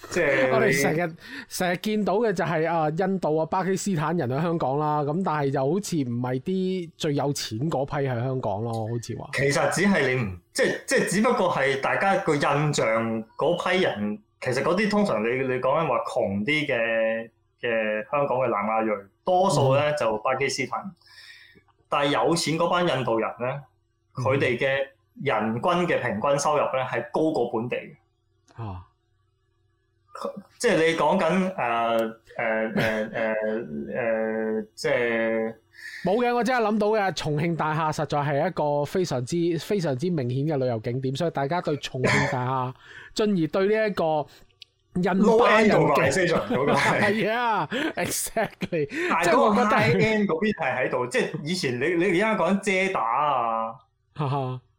S2: 即係我哋成日
S1: 成日見到嘅就係啊，印度啊、巴基斯坦人喺香港啦。咁但係就好似唔係啲最有錢嗰批喺香港咯，好似話。其實只
S2: 係你唔即即係，只不過係大家個印象嗰批人，其實嗰啲通常你你講緊話窮啲嘅。嘅香港嘅南亞裔，多數咧就巴基斯坦，嗯、但係有錢嗰班印度人咧，
S1: 佢哋
S2: 嘅人均嘅平均收入咧係高過本地嘅。啊，即係你講緊誒誒誒誒誒，即係
S1: 冇嘅，我真係諗到嘅。重慶大廈實在係一個非常之非常之明顯嘅旅遊景點，所以大家對重慶大廈， *laughs* 進而對呢、這、一個。印度又勁飛上嗰個係啊，exactly，但係我覺得 high
S2: end 係喺度，即係以前你你而家講遮打啊， *laughs*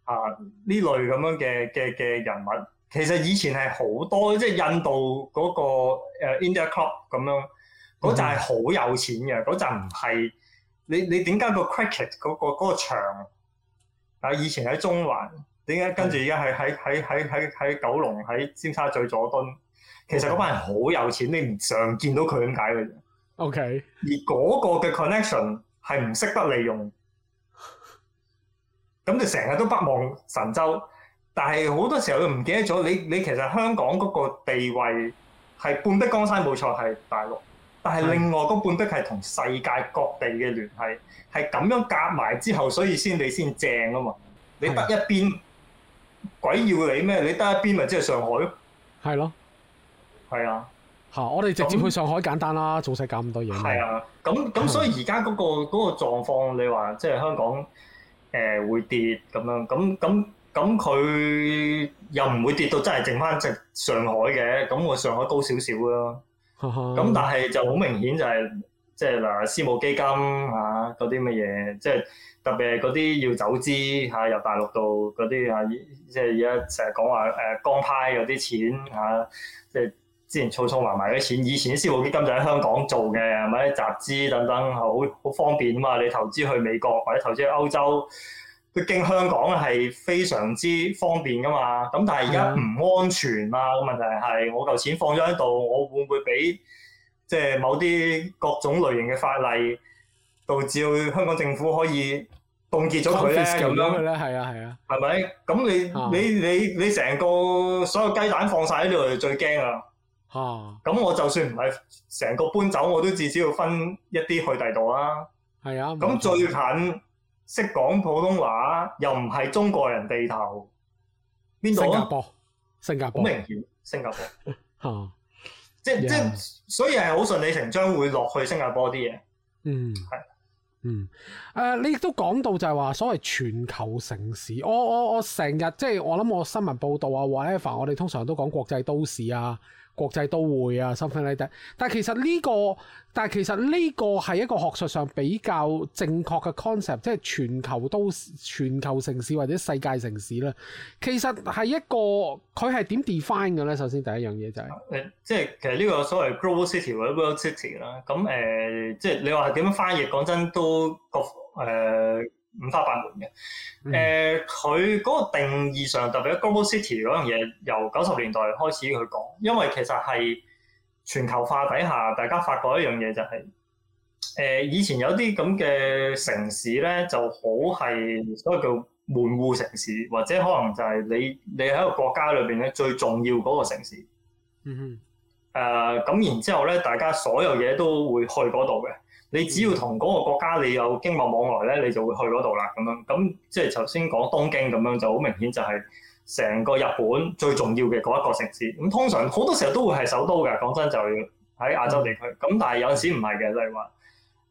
S2: 啊呢類咁樣嘅嘅嘅人物，其實以前係好多，即係印度嗰個 India Club 咁樣，嗰陣係好有錢嘅，嗰陣唔係你你點解個 cricket 嗰個嗰個場啊？以前喺中環，點解跟住而家係喺喺喺喺喺九龍喺尖沙咀佐敦？其實嗰班人好有錢，你唔常見到佢咁解嘅？O K，而嗰、okay、個嘅 connection 係唔識得利用，咁就成日都北望神州。但係好多時候佢唔記得咗，你你其實香港嗰個地位係半壁江山，冇錯係大陸，但係另外嗰半壁係同世界各地嘅聯繫，係咁樣夾埋之後，所以先你先正啊嘛！你得一邊，鬼要你咩？你得一邊咪即係上海咯，係咯。係啊，啊，我哋直接去上
S1: 海簡單啦，仲使搞咁多嘢咩？
S2: 係啊，咁咁所以而家嗰個嗰、嗰個狀況，你話即係香港誒、呃、會跌咁樣，咁咁咁佢又唔會跌到真係剩翻隻上海嘅，咁我上海高少少咯。
S3: 咁 *laughs* 但
S2: 係就好明顯就係、是，即係嗱，私募基金嗰啲乜嘢，即係特別係嗰啲要走資嚇由、啊、大陸度嗰啲啊，即係而家成日講話誒江派嗰啲錢、啊、即係。之前儲儲埋埋啲錢，以前啲私募基金就喺香港做嘅，係咪集資等等，好好方便啊嘛！你投資去美國或者投資去歐洲，佢經香港係非常之方便噶嘛。咁但係而家唔安全啊！個問題係我嚿錢放咗喺度，我會唔會俾即係某啲各種類型嘅法例導致香港政府可以凍結咗佢咧？咁樣嘅咧係啊，係啊，係咪？咁你你你你成個所有雞蛋放晒喺度，最驚啊！吓、啊、咁我就算唔係成個搬走，我都至少要分一啲去第度啦。係啊，咁、啊、最近識講普通話又唔係中國人地頭邊度、啊、新加坡，
S1: 新加坡明
S2: 顯，新加坡吓、啊，即係即係，yeah. 所以係好順理成章會落去新加坡啲嘢。嗯，
S1: 係，嗯，誒、呃，你都講到就係話所謂全球城市，我我我成日即係我諗我新聞報道啊 w h a 我哋通常都講國際都市啊。國際都會啊 something like that。但係其實呢、這個，但係其實呢個係一個學術上比較正確嘅 concept，即係全球都全球城市或者世界城市啦。其實係一個，佢係點 define 嘅咧？首先第一樣嘢就
S2: 係、是，誒、呃，即係其實呢個所謂 global city 或者 world city 啦。咁、呃、誒，即係你話係點樣翻譯？講真都個誒。呃五花八門嘅，誒佢嗰個定義上，特別喺 Global City 嗰樣嘢，由九十年代開始去講，因為其實係全球化底下，大家發覺一樣嘢就係、是，誒、呃、以前有啲咁嘅城市咧，就好係所謂叫門戶城市，或者可能就係你你喺一個國家裏邊咧，最重要嗰個城市，嗯哼，咁、呃、然之後咧，大家所有嘢都會去嗰度嘅。你只要同嗰個國家你有經貿往來咧，你就會去嗰度啦咁樣。咁即係頭先講東京咁樣就好明顯，就係成個日本最重要嘅嗰一個城市。咁通常好多時候都會係首都嘅。講真就喺亞洲地區。咁、嗯、但係有陣時唔係嘅，例如話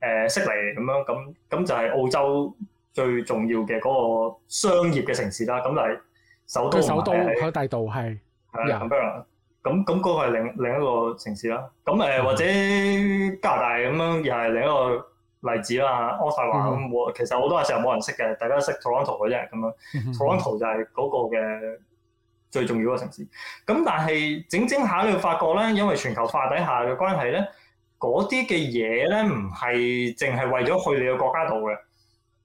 S2: 誒悉尼咁樣。咁咁就係澳洲最重要嘅嗰個商業嘅城市啦。咁就係首都唔係喺大澳係。係啊。係。咁咁嗰個係另另一個城市啦，咁誒、呃嗯、或者加拿大咁樣又係另一個例子啦。渥太華咁、嗯，我其實好多時候冇人識嘅，大家都識 Toronto 嘅啫，咁樣。Toronto 就係嗰個嘅最重要嘅城市。咁、嗯、但係整整下你會發覺咧，因為全球化底下嘅關係咧，嗰啲嘅嘢咧唔係淨係為咗去你嘅國家度嘅，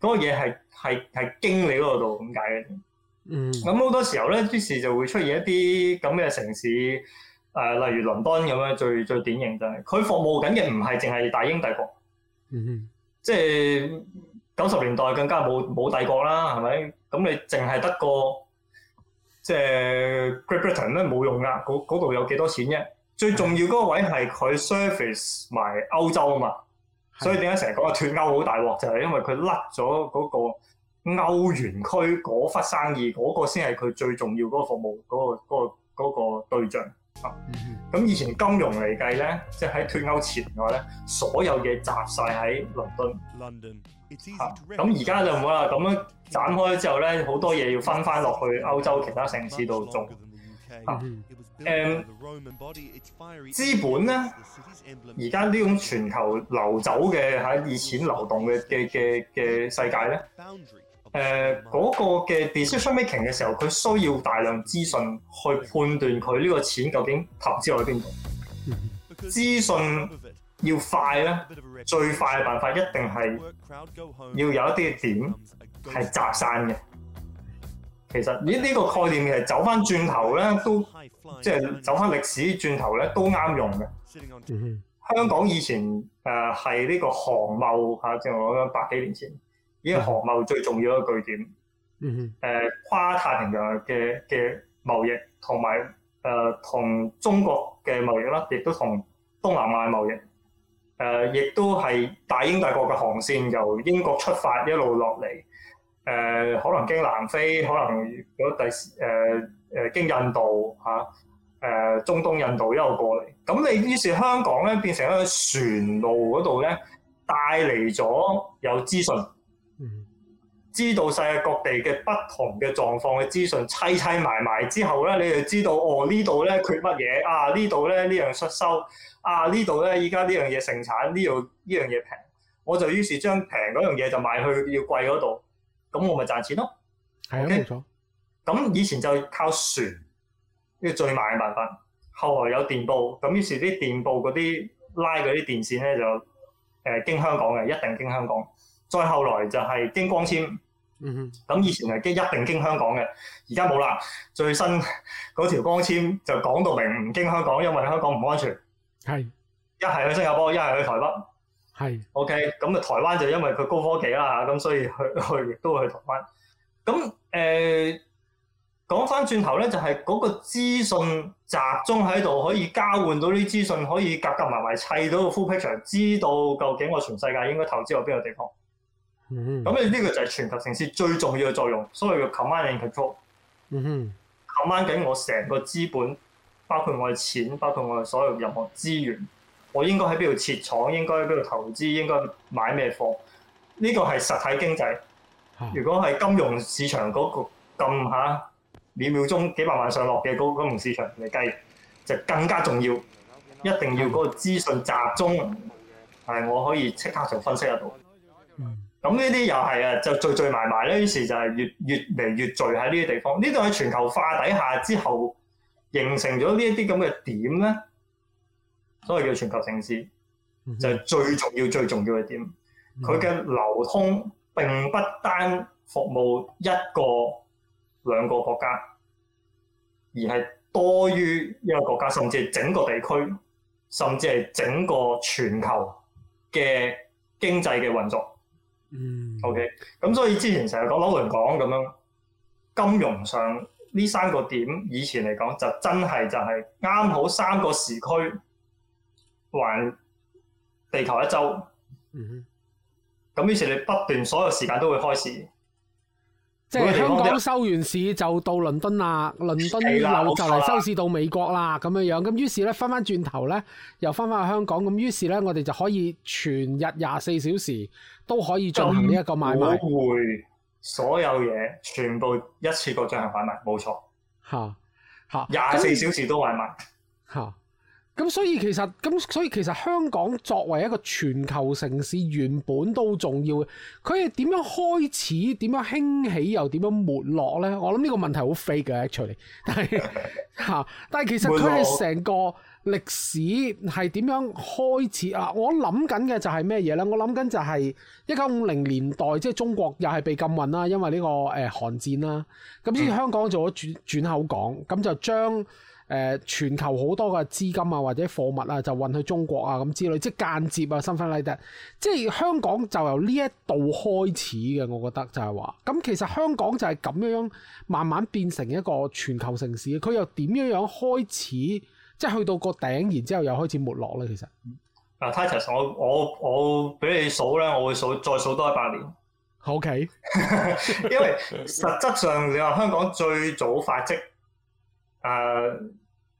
S2: 嗰、嗰個嘢係係係經你嗰度咁解嘅。咁、嗯、好多時候呢，於是就會出現一啲咁嘅城市、呃，例如倫敦咁樣，最最典型就係佢服務緊嘅唔係淨係大英帝國，即係九十年代更加冇冇帝國啦，係咪？咁你淨係得個即係 Greater Britain 咧冇用噶、啊，嗰嗰度有幾多錢啫？最重要嗰個位係佢 service 埋歐洲嘛，所以點解成日講話脫歐好大鑊就係、是、因為佢甩咗嗰個。歐元區嗰忽生意，嗰、那個先係佢最重要嗰個服務嗰、那個嗰、那個嗰、那個對象。咁、啊、以前金融嚟計咧，即係喺脫歐前嘅話咧，所有嘢集曬喺倫敦。嚇、啊，咁而家就唔好啦。咁樣斬開之後咧，好多嘢要分翻落去歐洲其他城市度做。誒、啊啊，資本咧，而家呢種全球流走嘅喺熱錢流動嘅嘅嘅嘅世界咧。誒、呃、嗰、那個嘅 decision making 嘅時候，佢需要大量資訊去判斷佢呢個錢究竟投資去邊度。資 *laughs* 訊要快咧，最快嘅辦法一定係要有一啲點係集散嘅。其實呢呢、這個概念其實走翻轉頭咧，都即係走翻歷史轉頭咧都啱用嘅。 *laughs* 香港以前誒係呢個航貿嚇，即、啊、我我講百幾年前。呢個航貿最重要一個據點，嗯嗯，誒、呃、跨太平洋嘅嘅貿易，同埋誒同中國嘅貿易啦，亦都同東南亞貿易，誒、呃、亦都係大英帝國嘅航線，由英國出發一路落嚟，誒、呃、可能經南非，可能第誒誒經印度嚇，誒、啊呃、中東印度一路過嚟，咁你於是香港咧變成一個船路嗰度咧帶嚟咗有資訊。知道世界各地嘅不同嘅狀況嘅資訊，砌砌埋埋之後咧，你就知道哦這裡、啊、這裡呢度咧缺乜嘢啊，這裡呢度咧呢樣失收啊，呢度咧依家呢樣嘢盛產，呢度呢樣嘢平，我就於是將平嗰樣嘢就賣去要貴嗰度，咁我咪賺錢咯。係啊，咁、okay? 冇錯。以前就靠船呢最慢嘅辦法，後來有電報，咁於是啲電報嗰啲拉嗰啲電線咧就誒經香港嘅，一定經香港。再後來就係經光纖。嗯哼，咁以前係經一定經香港嘅，而家冇啦。最新嗰條光纖就講到明唔經香港，因為香港唔安全。係，一係去新加坡，一係去台北。係，OK，咁啊，台灣就因為佢高科技啦，咁所以去去亦都會去台灣。咁誒，講翻轉頭咧，就係嗰個資訊集中喺度，可以交換到啲資訊，可以夾夾埋埋砌到個 full picture，知道究竟我全世界應該投資喺邊個地方。咁咧呢個就係全球城市最重要嘅作用，所謂叫 command and control。嗯哼，command 緊我成個資本，包括我嘅錢，包括我嘅所有任何資源，我應該喺邊度設廠，應該喺邊度投資，應該買咩貨？呢、這個係實體經濟。如果係金融市場嗰、那個咁下，秒秒鐘幾百萬上落嘅個金融市場嚟計，就更加重要，一定要嗰個資訊集中，係我可以即刻就分析得到。咁呢啲又係啊，就聚聚埋埋咧，於是就係越越嚟越聚喺呢啲地方。呢度喺全球化底下之後，形成咗呢一啲咁嘅點咧，所謂叫全球城市就係、是、最重要、最重要嘅點。佢嘅流通並不單服務一個兩個國家，而係多於一個國家，甚至係整個地區，甚至係整個全球嘅經濟嘅運作。嗯，OK，咁所以之前成日講紐倫港咁樣，金融上呢三個點以前嚟講就真係就係啱好三個時區，環地球一周。咁、嗯、於是你不斷所有時間都會開市。即係香港
S1: 收完市就到倫敦啦，倫敦流就嚟收市到美國啦，咁樣樣。咁於是咧，翻翻轉頭咧，又翻翻去香港。咁於是咧，我哋就可以全日廿四小時。都可以進行呢一個買賣，
S2: 會所有嘢全部一次過進行買賣，冇錯。
S1: 嚇，
S2: 廿四小時都買賣
S1: 咁、啊啊、所以其實咁，所以其實香港作為一個全球城市，原本都重要嘅。佢係點樣開始？點樣興起？又點樣沒落呢？我諗呢個問題好 fake，出 *laughs* actually、啊。但但係其實佢係成個。歷史係點樣開始啊？我諗緊嘅就係咩嘢呢？我諗緊就係一九五零年代，即係中國又係被禁運啦，因為呢、呢個誒韓、呃、戰啦。咁、嗯、於、嗯、香港做咗轉轉口港，咁就將誒、呃、全球好多嘅資金啊，或者貨物啊，就運去中國啊，咁之類，即係間接啊 something like that 即係香港就由呢一度開始嘅，我覺得就係話，咁其實香港就係咁樣樣慢慢變成一個全球城市。佢又點樣樣開始？即係去到個頂，然之後又開始沒落啦。其實，
S2: 嗱、uh,，Titus，我我我俾你數咧，我會數再數多一百年。O、okay. K， *laughs* 因為實質上你話 *laughs* 香港最早發跡，誒、uh,，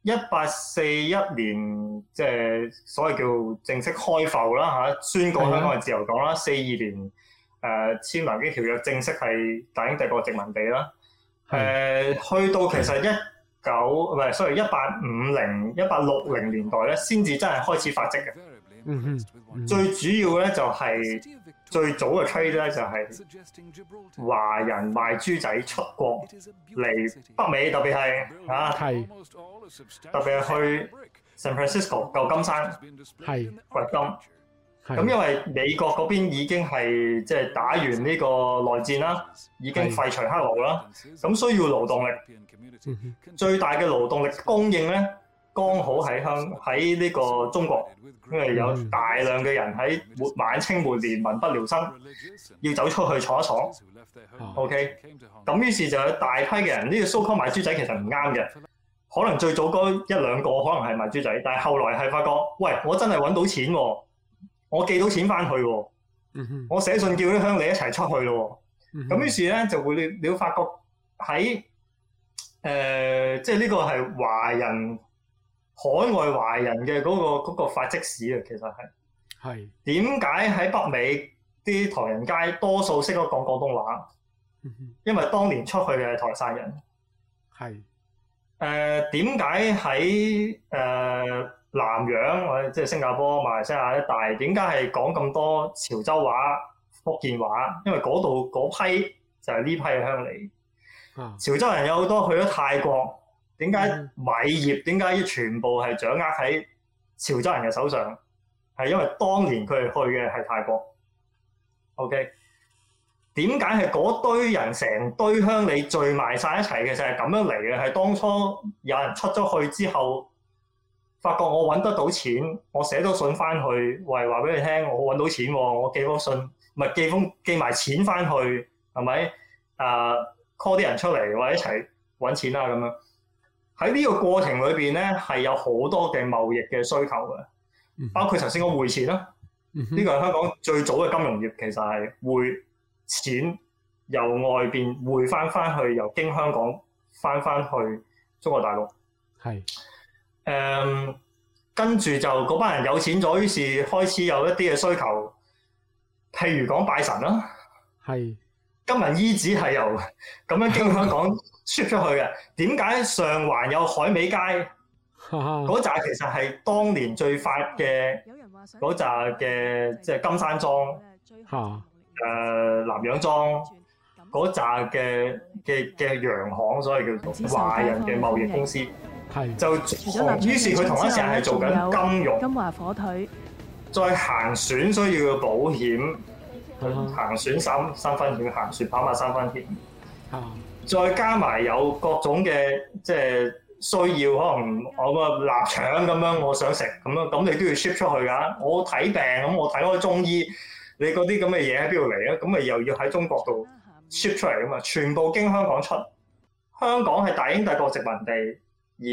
S2: 一八四一年即係所謂叫正式開埠啦吓、啊，宣告香港係自由港啦。四二年誒，簽、uh, 南京條約正式係大英帝國殖民地啦。誒，uh, 去到其實一九唔 sorry 一八五零、一八六零年代咧，先至真係開始發跡嘅、嗯。嗯哼，最主要咧就係最早嘅區咧就係華人賣豬仔出國嚟北美，特別係、啊、
S3: 特別係去
S2: San Francisco 舊金山，係舊金咁、嗯、因為美國嗰邊已經係即係打完呢個內戰啦，已經廢除黑奴啦，咁需要勞動力，
S3: *laughs*
S2: 最大嘅勞動力供應咧，剛好喺香喺呢個中國，因為有大量嘅人喺晚清末年民不聊生，要走出去坐一坐。Oh. OK，咁、嗯、於是就有大批嘅人，呢、這個所謂賣豬仔其實唔啱嘅，可能最早嗰一兩個可能係賣豬仔，但係後來係發覺，喂，我真係揾到錢喎、啊！我寄到錢翻去喎，我寫信叫啲鄉里一齊出去咯。咁、嗯、於是咧就會你會發覺喺誒、呃，即係呢個係華人海外華人嘅嗰、嗰個嗰個發跡史啊。其實係係點解喺北美啲唐人街多數識得講廣東話、嗯，因為當年出去嘅係台山人係。是誒點解喺誒南洋，我即係新加坡、馬來西亞一帶，點解係講咁多潮州話、福建話？因為嗰度嗰批就係呢批嘅鄉里。潮州人有好多去咗泰國，點解米業點解要全部係掌握喺潮州人嘅手上？係因為當年佢哋去嘅係泰國。OK。點解係嗰堆人成堆鄉里聚埋曬一齊嘅？就係咁樣嚟嘅。係當初有人出咗去之後，發覺我揾得到錢，我寫咗信翻去，喂，話俾你聽，我揾到錢，我寄封信，唔係寄封寄埋錢翻去，係咪？啊，uh，call 啲人出嚟，或者一齊揾錢啦咁樣。喺呢個過程裏面咧，係有好多嘅貿易嘅需求嘅，包括頭先我匯錢啦。呢個係香港最早嘅金融業，其實係匯。錢由外邊匯翻翻去，由經香港翻翻去中國大陸。係，誒，跟住就嗰班人有錢咗，於是開始有一啲嘅需求，譬如講拜神啦、啊。係，金銀衣紙係由咁樣經香港輸出,出去嘅。點 *laughs* 解上環有海味街嗰扎， *laughs* 嗰紮其實係當年最發嘅嗰扎嘅，即係、即係、金山莊。
S3: 嚇 *laughs* ～
S2: 誒、呃、南洋莊嗰扎嘅嘅嘅洋行，所謂叫做華人嘅貿易公司，就、哦、於是佢同一時間係做緊金融、金華火腿，再行船需要嘅保險，行船三三分險，行船跑馬三分險，再加埋有各種嘅即係需要，可能我個臘腸咁樣我想食，咁樣咁你都要 ship 出去㗎。我睇病咁，我睇開中醫。你嗰啲咁嘅嘢喺邊度嚟啊？咁咪又要喺中國度 ship 出嚟啊嘛！全部經香港出，香港係大英帝國殖民地，而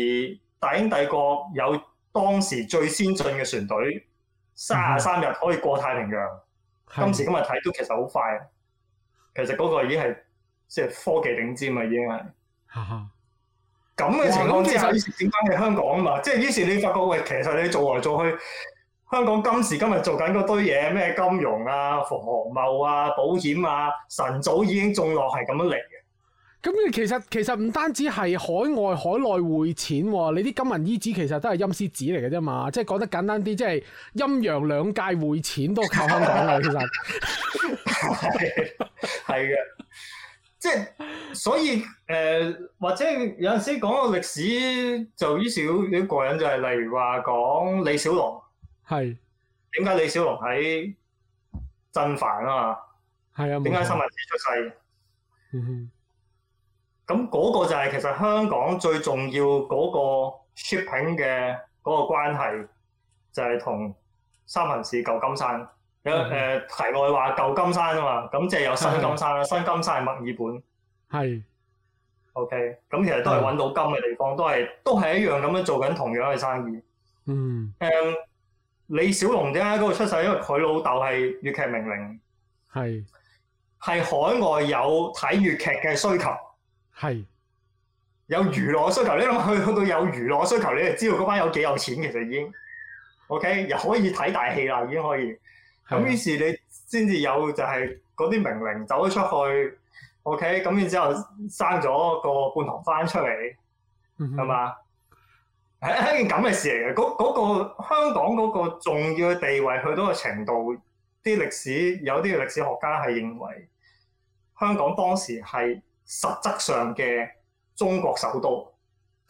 S2: 大英帝國有當時最先進嘅船隊，三啊三日可以過太平洋。嗯、今時今日睇都其實好快是的，其實嗰個已經係即係科技頂尖啊！已經係咁嘅情況之下，點解係香港啊嘛？即係於是你發覺，喂，其實你做嚟做去。香港今時今日做緊嗰堆嘢，咩金融啊、服貿啊、保險啊，晨早已經種落係咁樣嚟
S1: 嘅。咁其實其實唔單止係海外海內匯錢喎，你啲金銀衣紙其實都係陰司紙嚟嘅啫嘛。即係講得簡單啲，即、就、係、是、陰陽兩界匯錢都靠香港啦。其實係嘅，即
S2: *laughs* 係、 *laughs* *laughs* *laughs* *laughs* *laughs* 就是、所以誒、呃，或者有陣時講個歷史就於少於、這個、個人就係，例如話講李小龍。係，點解李小龍喺三藩啊？
S1: 係啊，點解三藩
S2: 市出世？咁、嗯、嗰個就係其實香港最重要嗰個 shipping 嘅嗰個關係，就係同三藩市舊金山有誒題外話舊金山啊嘛，咁即係有新金山啦，新金山係墨爾本。係，OK，咁其實都係揾到金嘅地方，嗯、都係都係一樣咁樣做緊同樣嘅生意。嗯，um, 李小龍點解嗰度出世？因為佢老豆係粵劇名伶，係係海外有睇粵劇嘅需求，係有娛樂需求。你諗去去到有娛樂需求，你就知道嗰班有幾有錢。其實已經 OK，又可以睇大戲啦，已經可以。咁於是你先至有就係嗰啲名伶走咗出去，OK，咁然之後生咗個半唐番出嚟，係、嗯、嘛？是吧。係一件咁嘅事嚟嘅，嗰、那個香港嗰個重要嘅地位，去到個程度，啲歷史有啲歷史學家係認為香港當時係實質上嘅中國首都。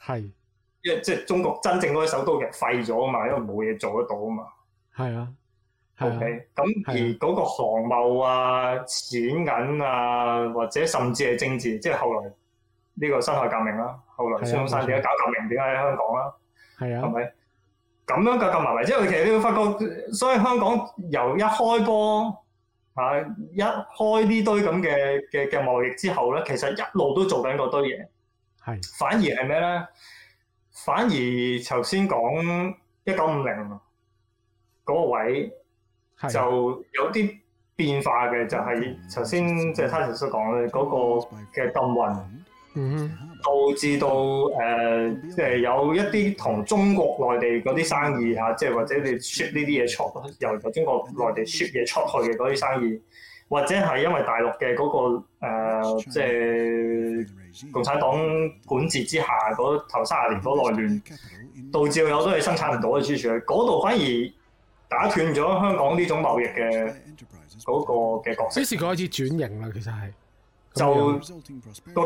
S2: 係，因為即係中國真正嗰啲首都嘅廢咗啊嘛，因為冇嘢做得到啊嘛。係啊。O K、啊。咁、okay? 啊、而嗰個航貿啊、錢銀啊，或者甚至係政治，啊啊、即係後來呢個辛亥革命啦、啊，後來孫中山點解、啊啊、搞革命？點解喺香港啦、啊？係啊，係咪咁樣夾夾埋埋？即係其實你會發覺，所以香港由一開波嚇一開呢堆咁嘅嘅嘅貿易之後咧，其實一路都做緊嗰堆嘢。係，反而係咩咧？反而頭先講一九五零嗰個位就有啲變化嘅，就係頭先即係 Titus 所講嘅嗰個嘅禁運。嗯哼，導致到誒，即、呃、係、就是、有一啲同中國內地嗰啲生意嚇、啊，即係或者你 ship 呢啲嘢出，由由中國內地 ship 嘢出去嘅嗰啲生意，或者係因為大陸嘅嗰、那個即係、呃就是、共產黨管治之下嗰頭三十年嗰內亂，導致有好多係生產唔到嘅諸處，嗰度反而打斷咗香港呢種貿易嘅嗰個嘅角色。即是佢開始轉型啦，其實係。 *music* 就、嗰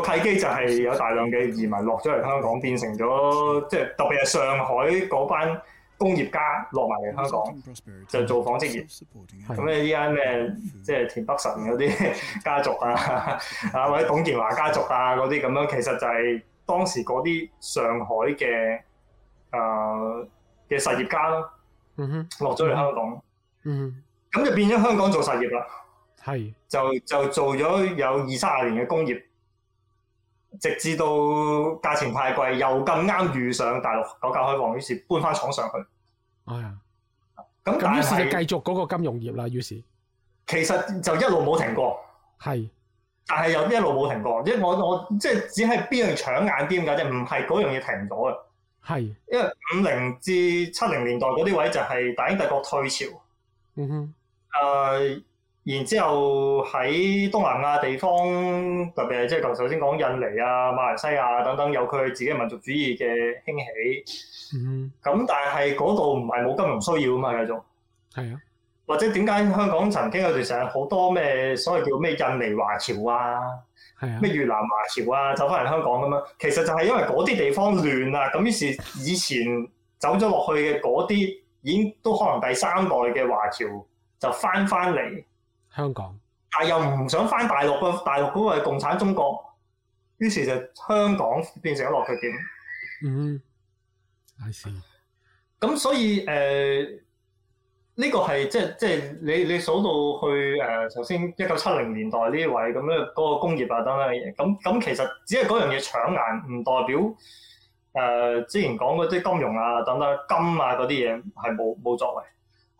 S2: 個契機就係有大量嘅移民落咗嚟香港，變成咗即係特別係上海嗰班工業家落埋嚟香港，就做紡織業。咁咧依家咩即係田北辰嗰啲家族啊，啊或者董建華家族啊嗰啲咁樣，其實就係當時嗰啲上海嘅誒嘅實業家咯。
S3: 哼，
S2: 落咗嚟香港。
S1: 嗯，
S2: 咁就變咗香港做實業啦。係、啊、就就做咗有二三十年嘅工業，直至到價錢太貴，又咁啱遇上大陸改革開放，於是搬翻廠上去。係啊，咁、嗯、於是，是，是就繼
S1: 續嗰個金融業啦。於是
S2: 其實就一路冇停過，係、啊，但係又一路冇停過，因為我我即係只係邊樣搶眼啲噶啫，唔係嗰樣嘢停咗嘅。係、啊，因為五零至七零年代嗰啲位就係大英帝國退潮。嗯哼，誒、呃。然之後喺東南亞地方，特別係即係頭首先講印尼啊、馬來西亞等等，有佢自己的民族主義嘅興起。嗯，咁但係嗰度唔係冇金融需要啊嘛，繼續。係啊，或者點解香港曾經有段時間好多咩所謂叫咩印尼華僑啊，咩越南華僑啊走翻嚟香港咁樣？其實就係因為嗰啲地方亂啊。咁於是以前走咗落去嘅嗰啲已經都可能第三代嘅華僑就翻翻嚟。香港，但又唔想翻大陸噉，大陸嗰個係共產中國，於是就香港變成咗落腳點。嗯，
S3: 係、嗯。
S2: 咁所以誒，呢、呃這個係即係即係你你數到去誒，頭、呃、先一九七零年代呢位咁樣嗰個工業啊等等嘅嘢，咁咁其實只係嗰樣嘢搶眼，唔代表誒、呃、之前講嗰啲金融啊等等金啊嗰啲嘢係冇冇作為。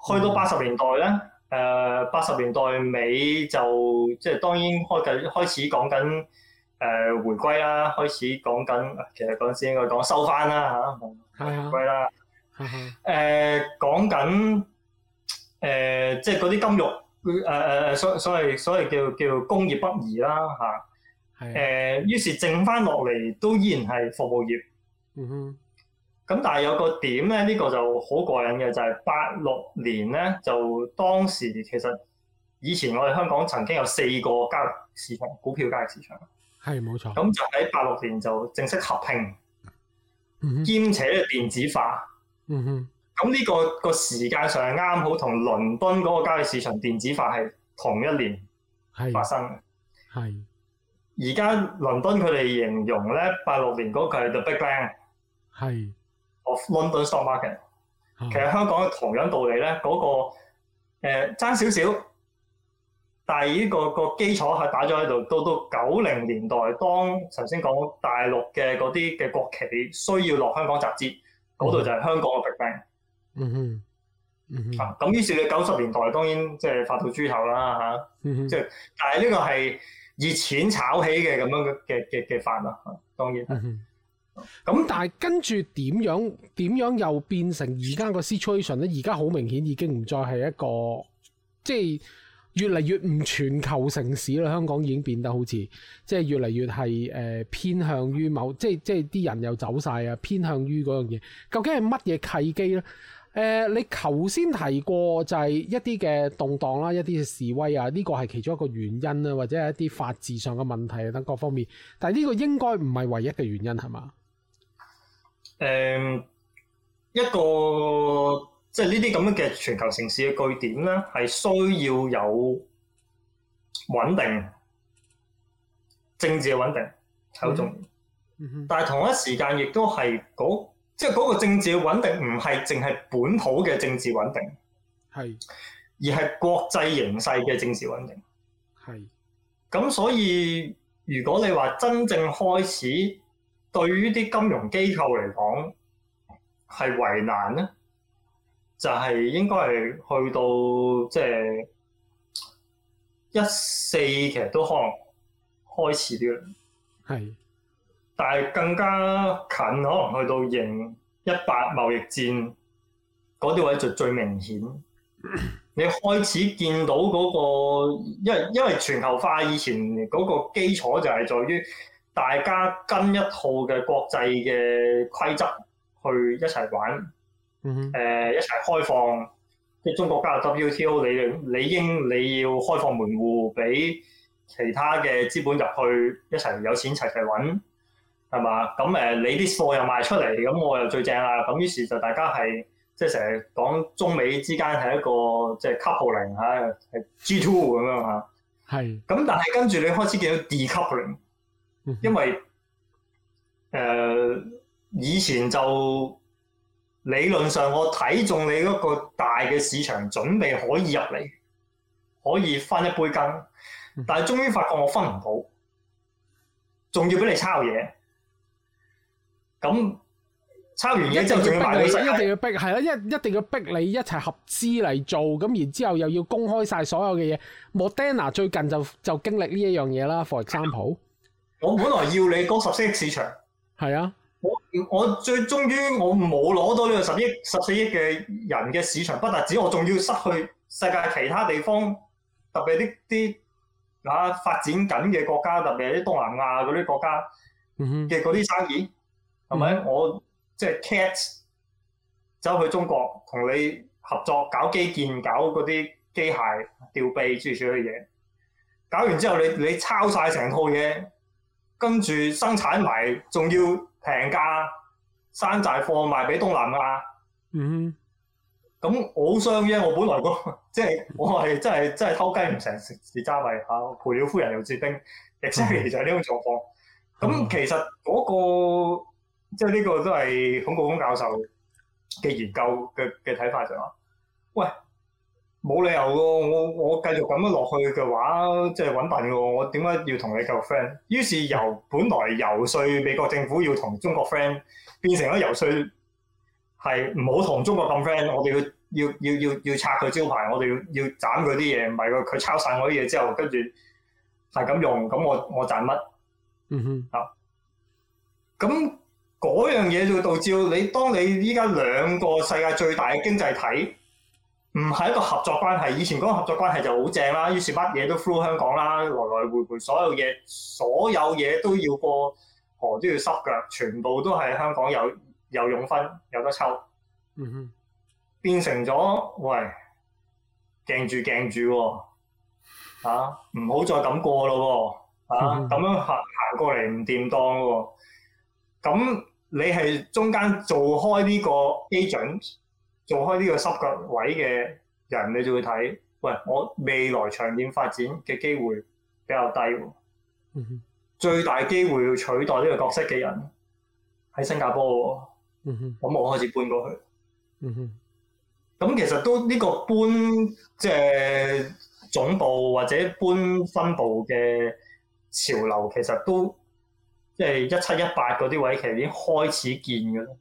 S2: 去到八十年代咧。嗯八、uh, 十年代尾就即係當然開始講緊、呃、回歸啦，開始講緊其實嗰陣時應該講收翻啦嚇，回歸啦，
S3: 係
S2: 係講緊即係嗰啲金融、呃、所所謂所謂叫叫工業北移啦、啊啊呃、於是剩翻落嚟都依然係服務業，嗯哼。咁但係有個點咧，呢、呢個就好過癮嘅就係八六年咧，就當時其實以前我哋香港曾經有四個交易市場，股票交易市場。
S1: 係冇錯。咁
S2: 就喺八六年就正式合併，嗯、兼且咧電子化。咁、嗯、呢、呢個、呢個時間上係啱好同倫敦嗰個交易市場電子化係同一年發生嘅。係。而家倫敦佢哋形容咧，八六年嗰期叫 Big Bang。係。of London stock market，、嗯、其
S3: 實
S2: 香港同樣道理咧，嗰個誒爭少少，但係依、呢個、呢個基礎係打咗喺度，到到九零年代，當頭先講大陸嘅嗰啲嘅國企需要落香港集資嗰度就係香港嘅 big bang。
S3: 嗯嗯，
S2: 啊咁，於是你九十年代當然即係發到豬頭啦嚇，即、啊、係、嗯，但係呢個係以錢炒起嘅咁樣嘅嘅嘅發啦，當然是。嗯
S1: 咁但係跟住點樣點樣又變成而家個 situation 咧？而家好明顯已經唔再係一個即係越嚟越唔全球城市啦。香港已經變得好似即係越嚟越係誒、呃、偏向於某即係即係啲人又走晒啊，偏向於嗰樣嘢。究竟係乜嘢契機咧？誒、呃，你頭先提過就係一啲嘅動蕩啦，一啲示威啊，呢、呢個係其中一個原因呀，或者係一啲法治上嘅問題啊等各方面。但係呢個應該唔係唯一嘅原因係嘛？
S2: 誒、嗯，一個即係呢啲咁樣嘅全球城市嘅據點咧，係需要有穩定政治嘅，穩定好重要。嗯嗯、但係同一時間亦都係嗰即係個政治嘅穩定唔係淨係本土嘅政治穩定，係而係國際形勢嘅政治穩定，係。咁所以如果你話真正開始。對於啲金融機構嚟講係為難咧，就係、是、應該係去到即係、就是、一四，其實都可能開始啲啦。係，但係更加近可能去到應一八貿易戰嗰啲位就最明顯。你開始見到嗰、那個，因為因為全球化以前嗰個基礎就係在於，大家跟一套嘅國際嘅規則去一齊玩，mm -hmm. 呃、一齊開放，即係中國加入 WTO，你理應你要開放門戶俾其他嘅資本入去一齊有錢齊齊揾，係嘛？咁誒你啲貨又賣出嚟，咁我又最正啦。咁於是就大家係即係成日講中美之間係一個即係、就是、coupling 係 G two 咁樣嚇。係。咁但係跟住你開始見到 decoupling。因為誒、呃、以前就理論上我睇中你嗰個大嘅市場，準備可以入嚟，可以分一杯羹，但係終於發覺我分唔到，仲要俾你抄嘢。咁抄完嘢就要一逼一定要逼係啦、哎，
S1: 一定一定要逼你一齊合資嚟做，咁然之後又要公開晒所有嘅嘢。Moderna 最近就就經歷呢一樣嘢啦，for example。
S2: 我本來要你嗰十四億市場係啊！我我最終於我冇攞到呢個十億十四億嘅人嘅市場，不但止，我仲要失去世界其他地方，特別啲啲嚇發展緊嘅國家，特別係啲東南亞嗰啲國家嘅嗰啲生意係咪、嗯嗯？我即係、就是、cats 走去中國同你合作搞基建、搞嗰啲機械吊臂諸如此類嘅嘢，搞完之後你你抄晒成套嘢。跟住生產埋，仲要平價山寨貨賣俾東南亞。嗯，咁我好傷嘅，我本來、那個即係、就是、我係真係真係偷雞唔成，蝕揸米嚇，賠、啊、了夫人又折兵，exactly 就係呢種狀況。咁、mm -hmm. 其實嗰、那個即係呢個都係孔誥烽教授嘅研究嘅嘅睇法上、就是，喂。冇理由喎。我我繼續咁樣落去嘅話，即係揾笨喎。我點解要同你夠 friend？於是由本來遊說美國政府要同中國 friend，變成咗遊說係唔好同中國咁 friend。我哋要要要要要拆佢招牌，我哋要要斬佢啲嘢。唔係佢，佢抄晒我啲嘢之後，跟住係咁用，咁我我賺乜？嗯哼，啊，咁嗰樣嘢就導致你當你依家兩個世界最大嘅經濟體。唔係一個合作關係，以前嗰個合作關係就好正啦。於是乜嘢都 through 香港啦，來來回回所有嘢，所有嘢都要過河、哦、都要濕腳，全部都係香港有有傭分，有得抽。變、mm -hmm. 變成咗，喂，鏡住鏡住喎，唔、啊、好再咁過咯喎，咁、啊 mm -hmm. 樣行行過嚟唔掂當喎。咁你係中間做開呢個 agent，做開呢個濕腳位嘅人，你就會睇，喂，我未來長遠發展嘅機會比較低，嗯、最大機會要取代呢個角色嘅人喺新加坡喎，咁、嗯、我開始搬過去。咁、嗯、其實都呢個搬即係、就是、總部或者搬分部嘅潮流，其實都即係一七一八嗰啲位，其實已經開始見噶啦。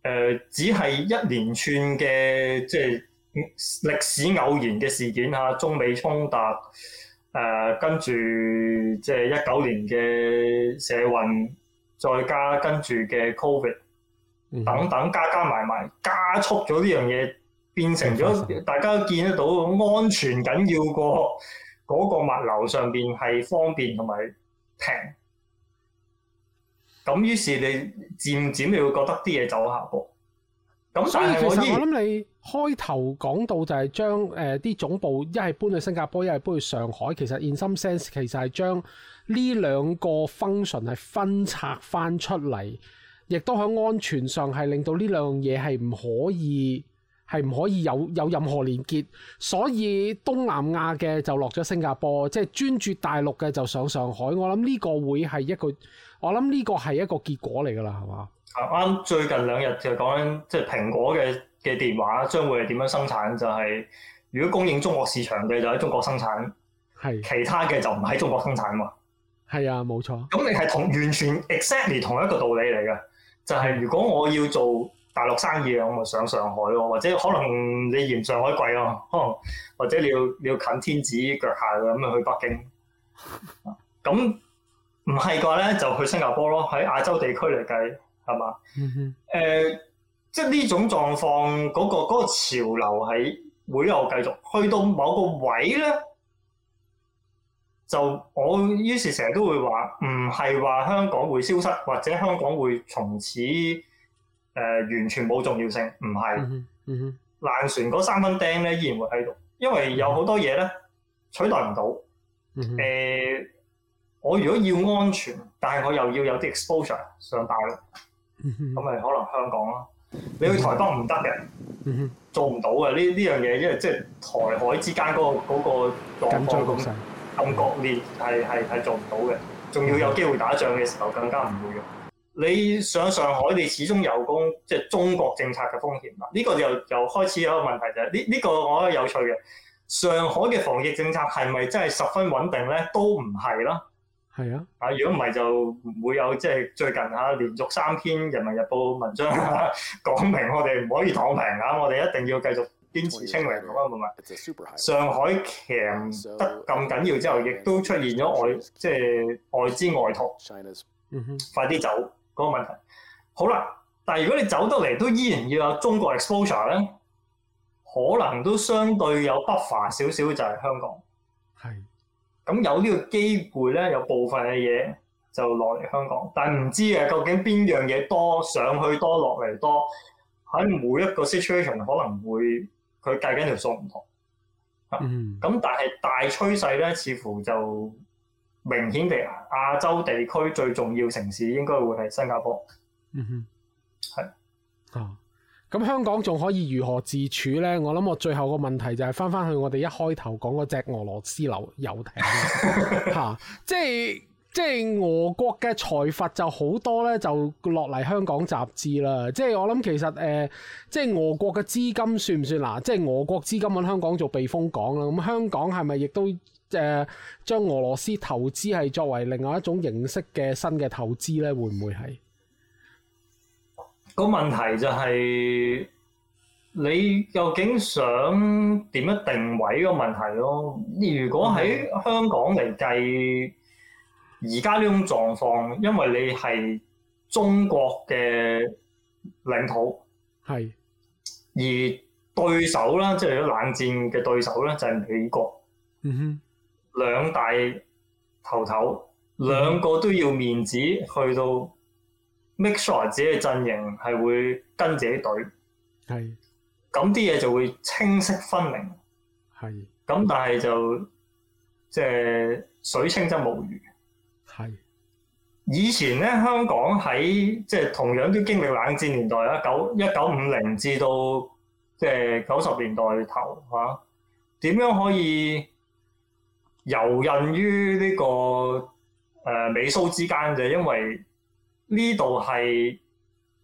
S2: 誒、呃、只係一連串嘅即係歷史偶然嘅事件嚇，中美衝突，誒跟住即係一九年嘅社運，再加跟住嘅 COVID 等等、嗯、加加埋埋，加速咗呢樣嘢，變成咗、嗯、大家都見得到，安全緊要過嗰個物流上面係方便同埋平。咁於是你漸漸你會覺得啲嘢走下噃，咁所以其實我諗
S1: 你開頭講到就係將誒啲總部一係搬去新加坡，一係搬去上海。其實 in some sense 其實係將呢兩個 function 係分拆翻出嚟，亦都喺安全上係令到呢兩樣嘢係唔可以。係唔可以有有任何連結，所以東南亞嘅就落咗新加坡，即係專注大陸嘅就上上海。我諗呢個會係一個，我諗呢個係一個結果嚟噶啦，係
S2: 嘛？啱最近兩日就講緊即係蘋果嘅嘅電話將會係點樣生產？就係、是、如果供應中國市場嘅就喺中國生產，係其他嘅就唔喺中國生產嘛？
S1: 係啊，冇錯。咁你係
S2: 同完全 exactly 同一個道理嚟嘅，就係、是、如果我要做。大陸生意啊，我咪上上海咯，或者可能你嫌上海貴啊，可能或者你要你要近天子腳下咁樣去北京。咁唔係嘅話咧，就去新加坡咯。喺亞洲地區嚟計，係嘛？誒、mm -hmm. 呃，即係呢種狀況嗰、嗰個嗰個潮流係會有繼續去到某個位咧，就我於是成日都會話，唔係話香港會消失，或者香港會從此。誒、呃、完全冇重要性，唔係，爛、嗯嗯、船嗰三分釘咧依然會喺度，因為有好多嘢咧取代唔到。誒、嗯呃，我如果要安全，但係我又要有啲 exposure 上大陸，咁、嗯、咪可能香港咯。你去台北唔得嘅，做唔到嘅，呢呢樣嘢，因為即係台海之間嗰、那個嗰、那個狀況咁，暗角面係係係做唔到嘅，仲要有機會打仗嘅時候、嗯、更加唔會用。你上上海，你始終有個即係中國政策嘅風險啦。呢、這個又又開始有一個問題就係呢呢個我覺得有趣嘅上海嘅防疫政策係咪真係十分穩定咧？都唔係啦，係啊啊！如果唔係就唔會有即係最近嚇、啊、連續三篇《人民日報》文章講、啊、明我哋唔可以躺平啊！我哋一定要繼續堅持清零咁樣，唔係、嗯、上海強得咁緊要之後，亦、so, 都出現咗外、China's... 即係外資外逃，mm -hmm. 快啲走！嗰個，問題好啦，但如果你走得嚟都依然要有中國 exposure 咧，可能都相對有不乏少少就係香港。咁有呢個機會咧，有部分嘅嘢就落嚟香港，但係唔知啊，究竟邊樣嘢多上去多落嚟多喺每一個 situation 可能會佢計緊條數唔同。嗯，
S3: 咁
S2: 但係大趨勢咧，似乎就～明顯地，亞洲地區最重要城市應該會係新加坡。嗯哼，係。啊，
S1: 咁香港仲可以如何自處呢？我諗我最後個問題就係翻翻去我哋一開頭講嗰隻俄羅斯樓遊艇嚇、 *laughs* *laughs* 啊，即係即係俄國嘅財閥就好多咧，就落嚟香港集資啦。即係我諗其實誒、呃，即係俄國嘅資金算唔算嗱？即係俄國資金喺香港做避風港啦。咁香港係咪亦都？誒，將俄羅斯投資係作為另外一種形式嘅新嘅投資咧，會唔會係？
S2: 個問題就係你究竟想點樣定位個問題咯？如果喺香港嚟計，而家呢種狀況，因為你係中國嘅領土，係而對手啦，即係冷戰嘅對手咧，就係美國，嗯哼。兩大頭頭，兩個都要面子，嗯、去到 make sure、自己嘅陣營係會跟自己隊，係咁啲嘢，就會清晰分明，係咁但係就即係、就是、水清則無魚，係以前咧香港喺即係同樣都經歷冷戰年代啦，九一九五零至到即係九十年代頭吓，點、啊、樣可以？游刃於呢、呢個誒、呃、美蘇之間嘅，因為呢度係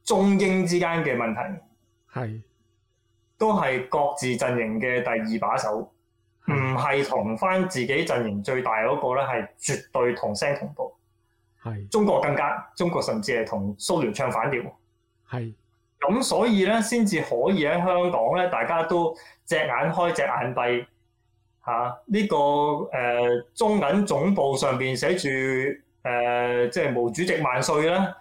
S2: 中英之間嘅問題，係都係各自陣營嘅第二把手，
S1: 唔係
S2: 同返自己陣營最大嗰個咧，係絕對同聲同步。係中國更加，中國甚至係同蘇聯唱反調。係咁，所以咧先至可以喺香港咧，大家都隻眼開隻眼閉。嚇、啊！呢、這個誒、呃、中銀總部上邊寫住誒，即、呃、係、就是、毛主席萬歲啦，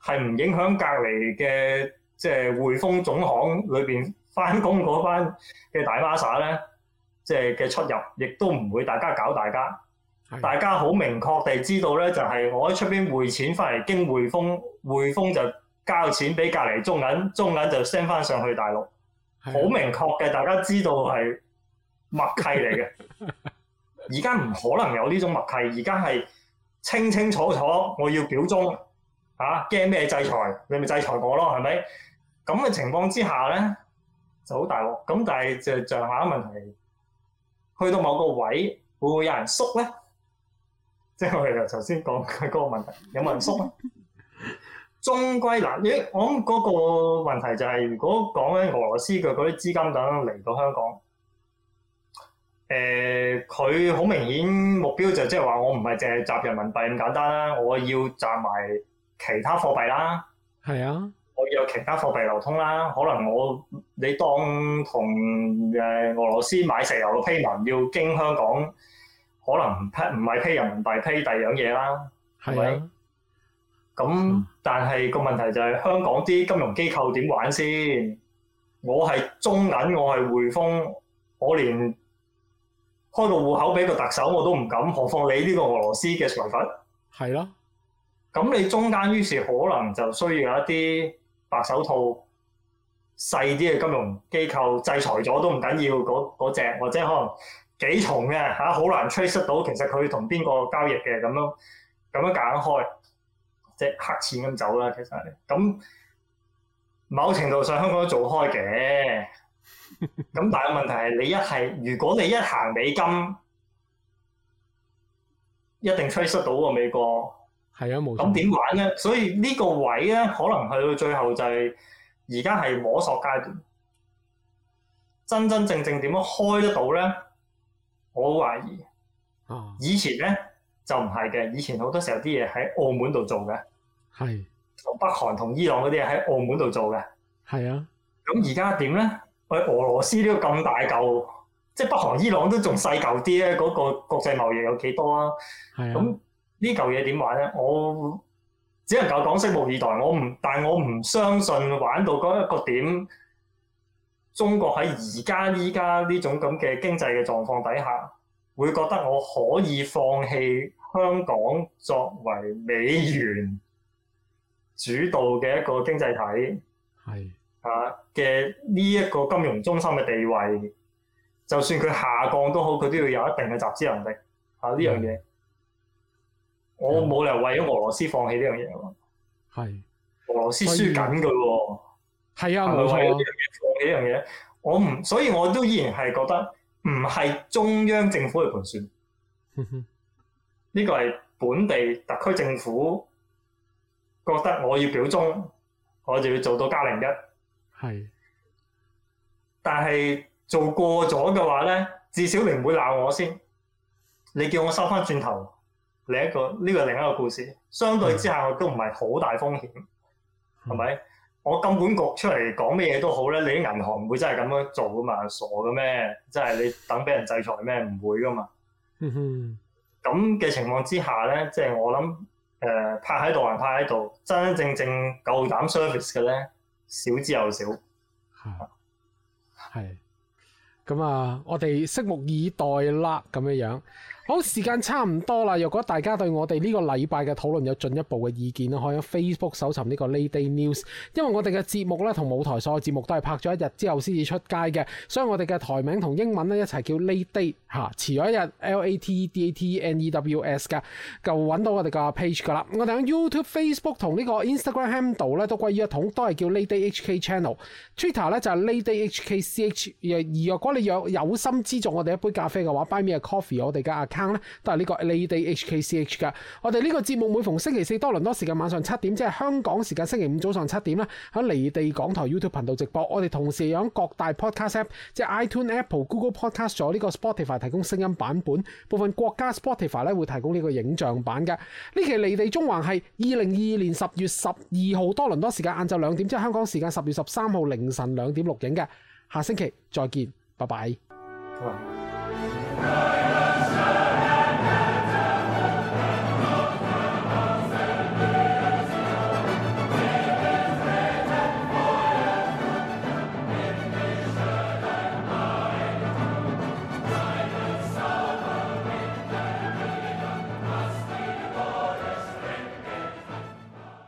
S2: 係唔影響隔離嘅，即、就、係、是、匯豐總行裏邊翻工嗰班嘅大媽曬咧，即係嘅出入，亦都唔會大家搞大家。大家好明確地知道咧，就係我喺出邊匯錢翻嚟，經匯豐，匯豐就交錢俾隔離中銀，中銀就 send 翻上去大陸，好明確嘅，大家知道係。默契嚟嘅，而家唔可能有呢種默契，而家係清清楚楚，我要表忠，嚇驚咩制裁？你咪制裁我咯，係咪？咁嘅情況之下咧，就好大鑊。咁但係就上下問題，去到某個位，會唔會有人縮咧？即係我哋由頭先講嘅嗰個問題，有冇人縮咧？終歸難於、欸，我諗嗰個問題就係，如果講緊，俄羅斯嘅嗰啲資金等嚟到香港。誒、呃，佢好明顯目標就即係話，我唔係淨係集人民幣咁簡單啦，我要集埋其他貨幣啦，係啊，我要有其他貨幣流通啦。可能我你當同誒俄羅斯買石油嘅批文要經香港，可能批唔係批人民幣，批第二樣嘢啦，係咪，啊？咁、嗯、但係個問題就係、是、香港啲金融機構點玩先？我係中銀，我係匯豐，我連。開個戶口俾個特首我都唔敢，何況你呢個俄羅斯嘅財閥？係咯，咁你中間於是可能就需要一啲白手套細啲嘅金融機構，制裁咗都唔緊要，嗰嗰隻或者可能幾重嘅好、啊、難 trace 到其實佢同邊個交易嘅咁咯，咁樣揀開係、即係、黑錢咁走啦。其實咁某程度上香港都做開嘅。咁 *laughs* 但係問題係你一係，如果你一行美金，一定吹損到個美國，係啊，冇咁點玩咧？所以呢個位咧，可能去到最後就係而家係摸索階段，真真正正點樣開得到咧？我懷疑以
S3: 前
S2: 呢、啊。以前咧就唔係嘅，以前好多時候啲嘢，喺澳門度做嘅，係北韓同伊朗嗰啲嘢喺澳門度做嘅，係啊。咁而家點咧？喺俄羅斯呢個咁大嚿，即係北韓、伊朗都仲細嚿啲咧，嗰個國際貿易有幾多啊？咁呢嚿嘢點玩咧？我只能夠講拭目以待。我唔，但我唔相信玩到嗰一個點。中國喺而家依家呢種咁嘅經濟嘅狀況底下，會覺得我可以放棄香港作為美元主導嘅一個經濟體。係。啊嘅呢一個金融中心嘅地位，就算佢下降都好，佢都要有一定嘅集資能力。呢樣嘢，我冇理由為咗俄羅斯放棄呢樣嘢喎。係，俄羅斯輸緊佢喎。係啊，冇、啊、理、啊啊、放棄呢樣嘢。我唔，所以我都依然係覺得唔係中央政府嘅盤算。呢 *laughs* 個係本地特區政府覺得我要表忠，我就要做到加零一。係，但係做過咗嘅話咧，至少你唔會鬧我先。你叫我收翻轉頭，另一個呢個係另一個故事。相對之下，嗯、我都唔係好大風險，係、嗯、咪？我金管局出嚟講咩嘢都好咧，你啲銀行唔會真係咁樣做噶嘛？傻嘅咩？即、就、係、是、你等俾人制裁咩？唔會噶嘛。咁、嗯、嘅情況之下咧，即、就、係、是、我諗誒、呃，拍喺度還拍喺度，真真正正夠膽 service 嘅咧。少之又少，吓
S1: 係咁啊！我哋拭目以待啦，咁樣樣。好，時間差唔多啦。若果大家對我哋呢個禮拜嘅討論有進一步嘅意見，可以喺 Facebook 搜尋呢個 Late Date News。因為我哋嘅節目咧，同舞台所有節目都係拍咗一日之後先至出街嘅，所以我哋嘅台名同英文咧一齊叫 Late Date 吓、啊，遲咗一日 L A T D A T N E W S 噶，就揾到我哋嘅 page 噶啦。我哋喺 YouTube、Facebook 同呢個 Instagram handle 咧都歸一統，都係叫 LateDate HK Channel。Twitter 咧就係 LateDate HK C H。而若果你有有心資助我哋一杯咖啡嘅話，Buy Me a Coffee，我哋嘅坑咧，都係呢個離地 HKCH 噶。我哋呢個節目每逢星期四多倫多時間晚上七點，即係香港時間星期五早上七點啦，喺離地港台 YouTube 頻道直播。我哋同時有喺各大 podcast app，即係 iTune、Apple、Google Podcast 咗呢個 Spotify 提供聲音版本。部分國家 Spotify 咧會提供呢個影像版嘅。呢期離地中環係二零二二年十月十二號多倫多時間晏晝兩點，即係香港時間十月十三號凌晨兩點錄影嘅。下星期再見，拜拜。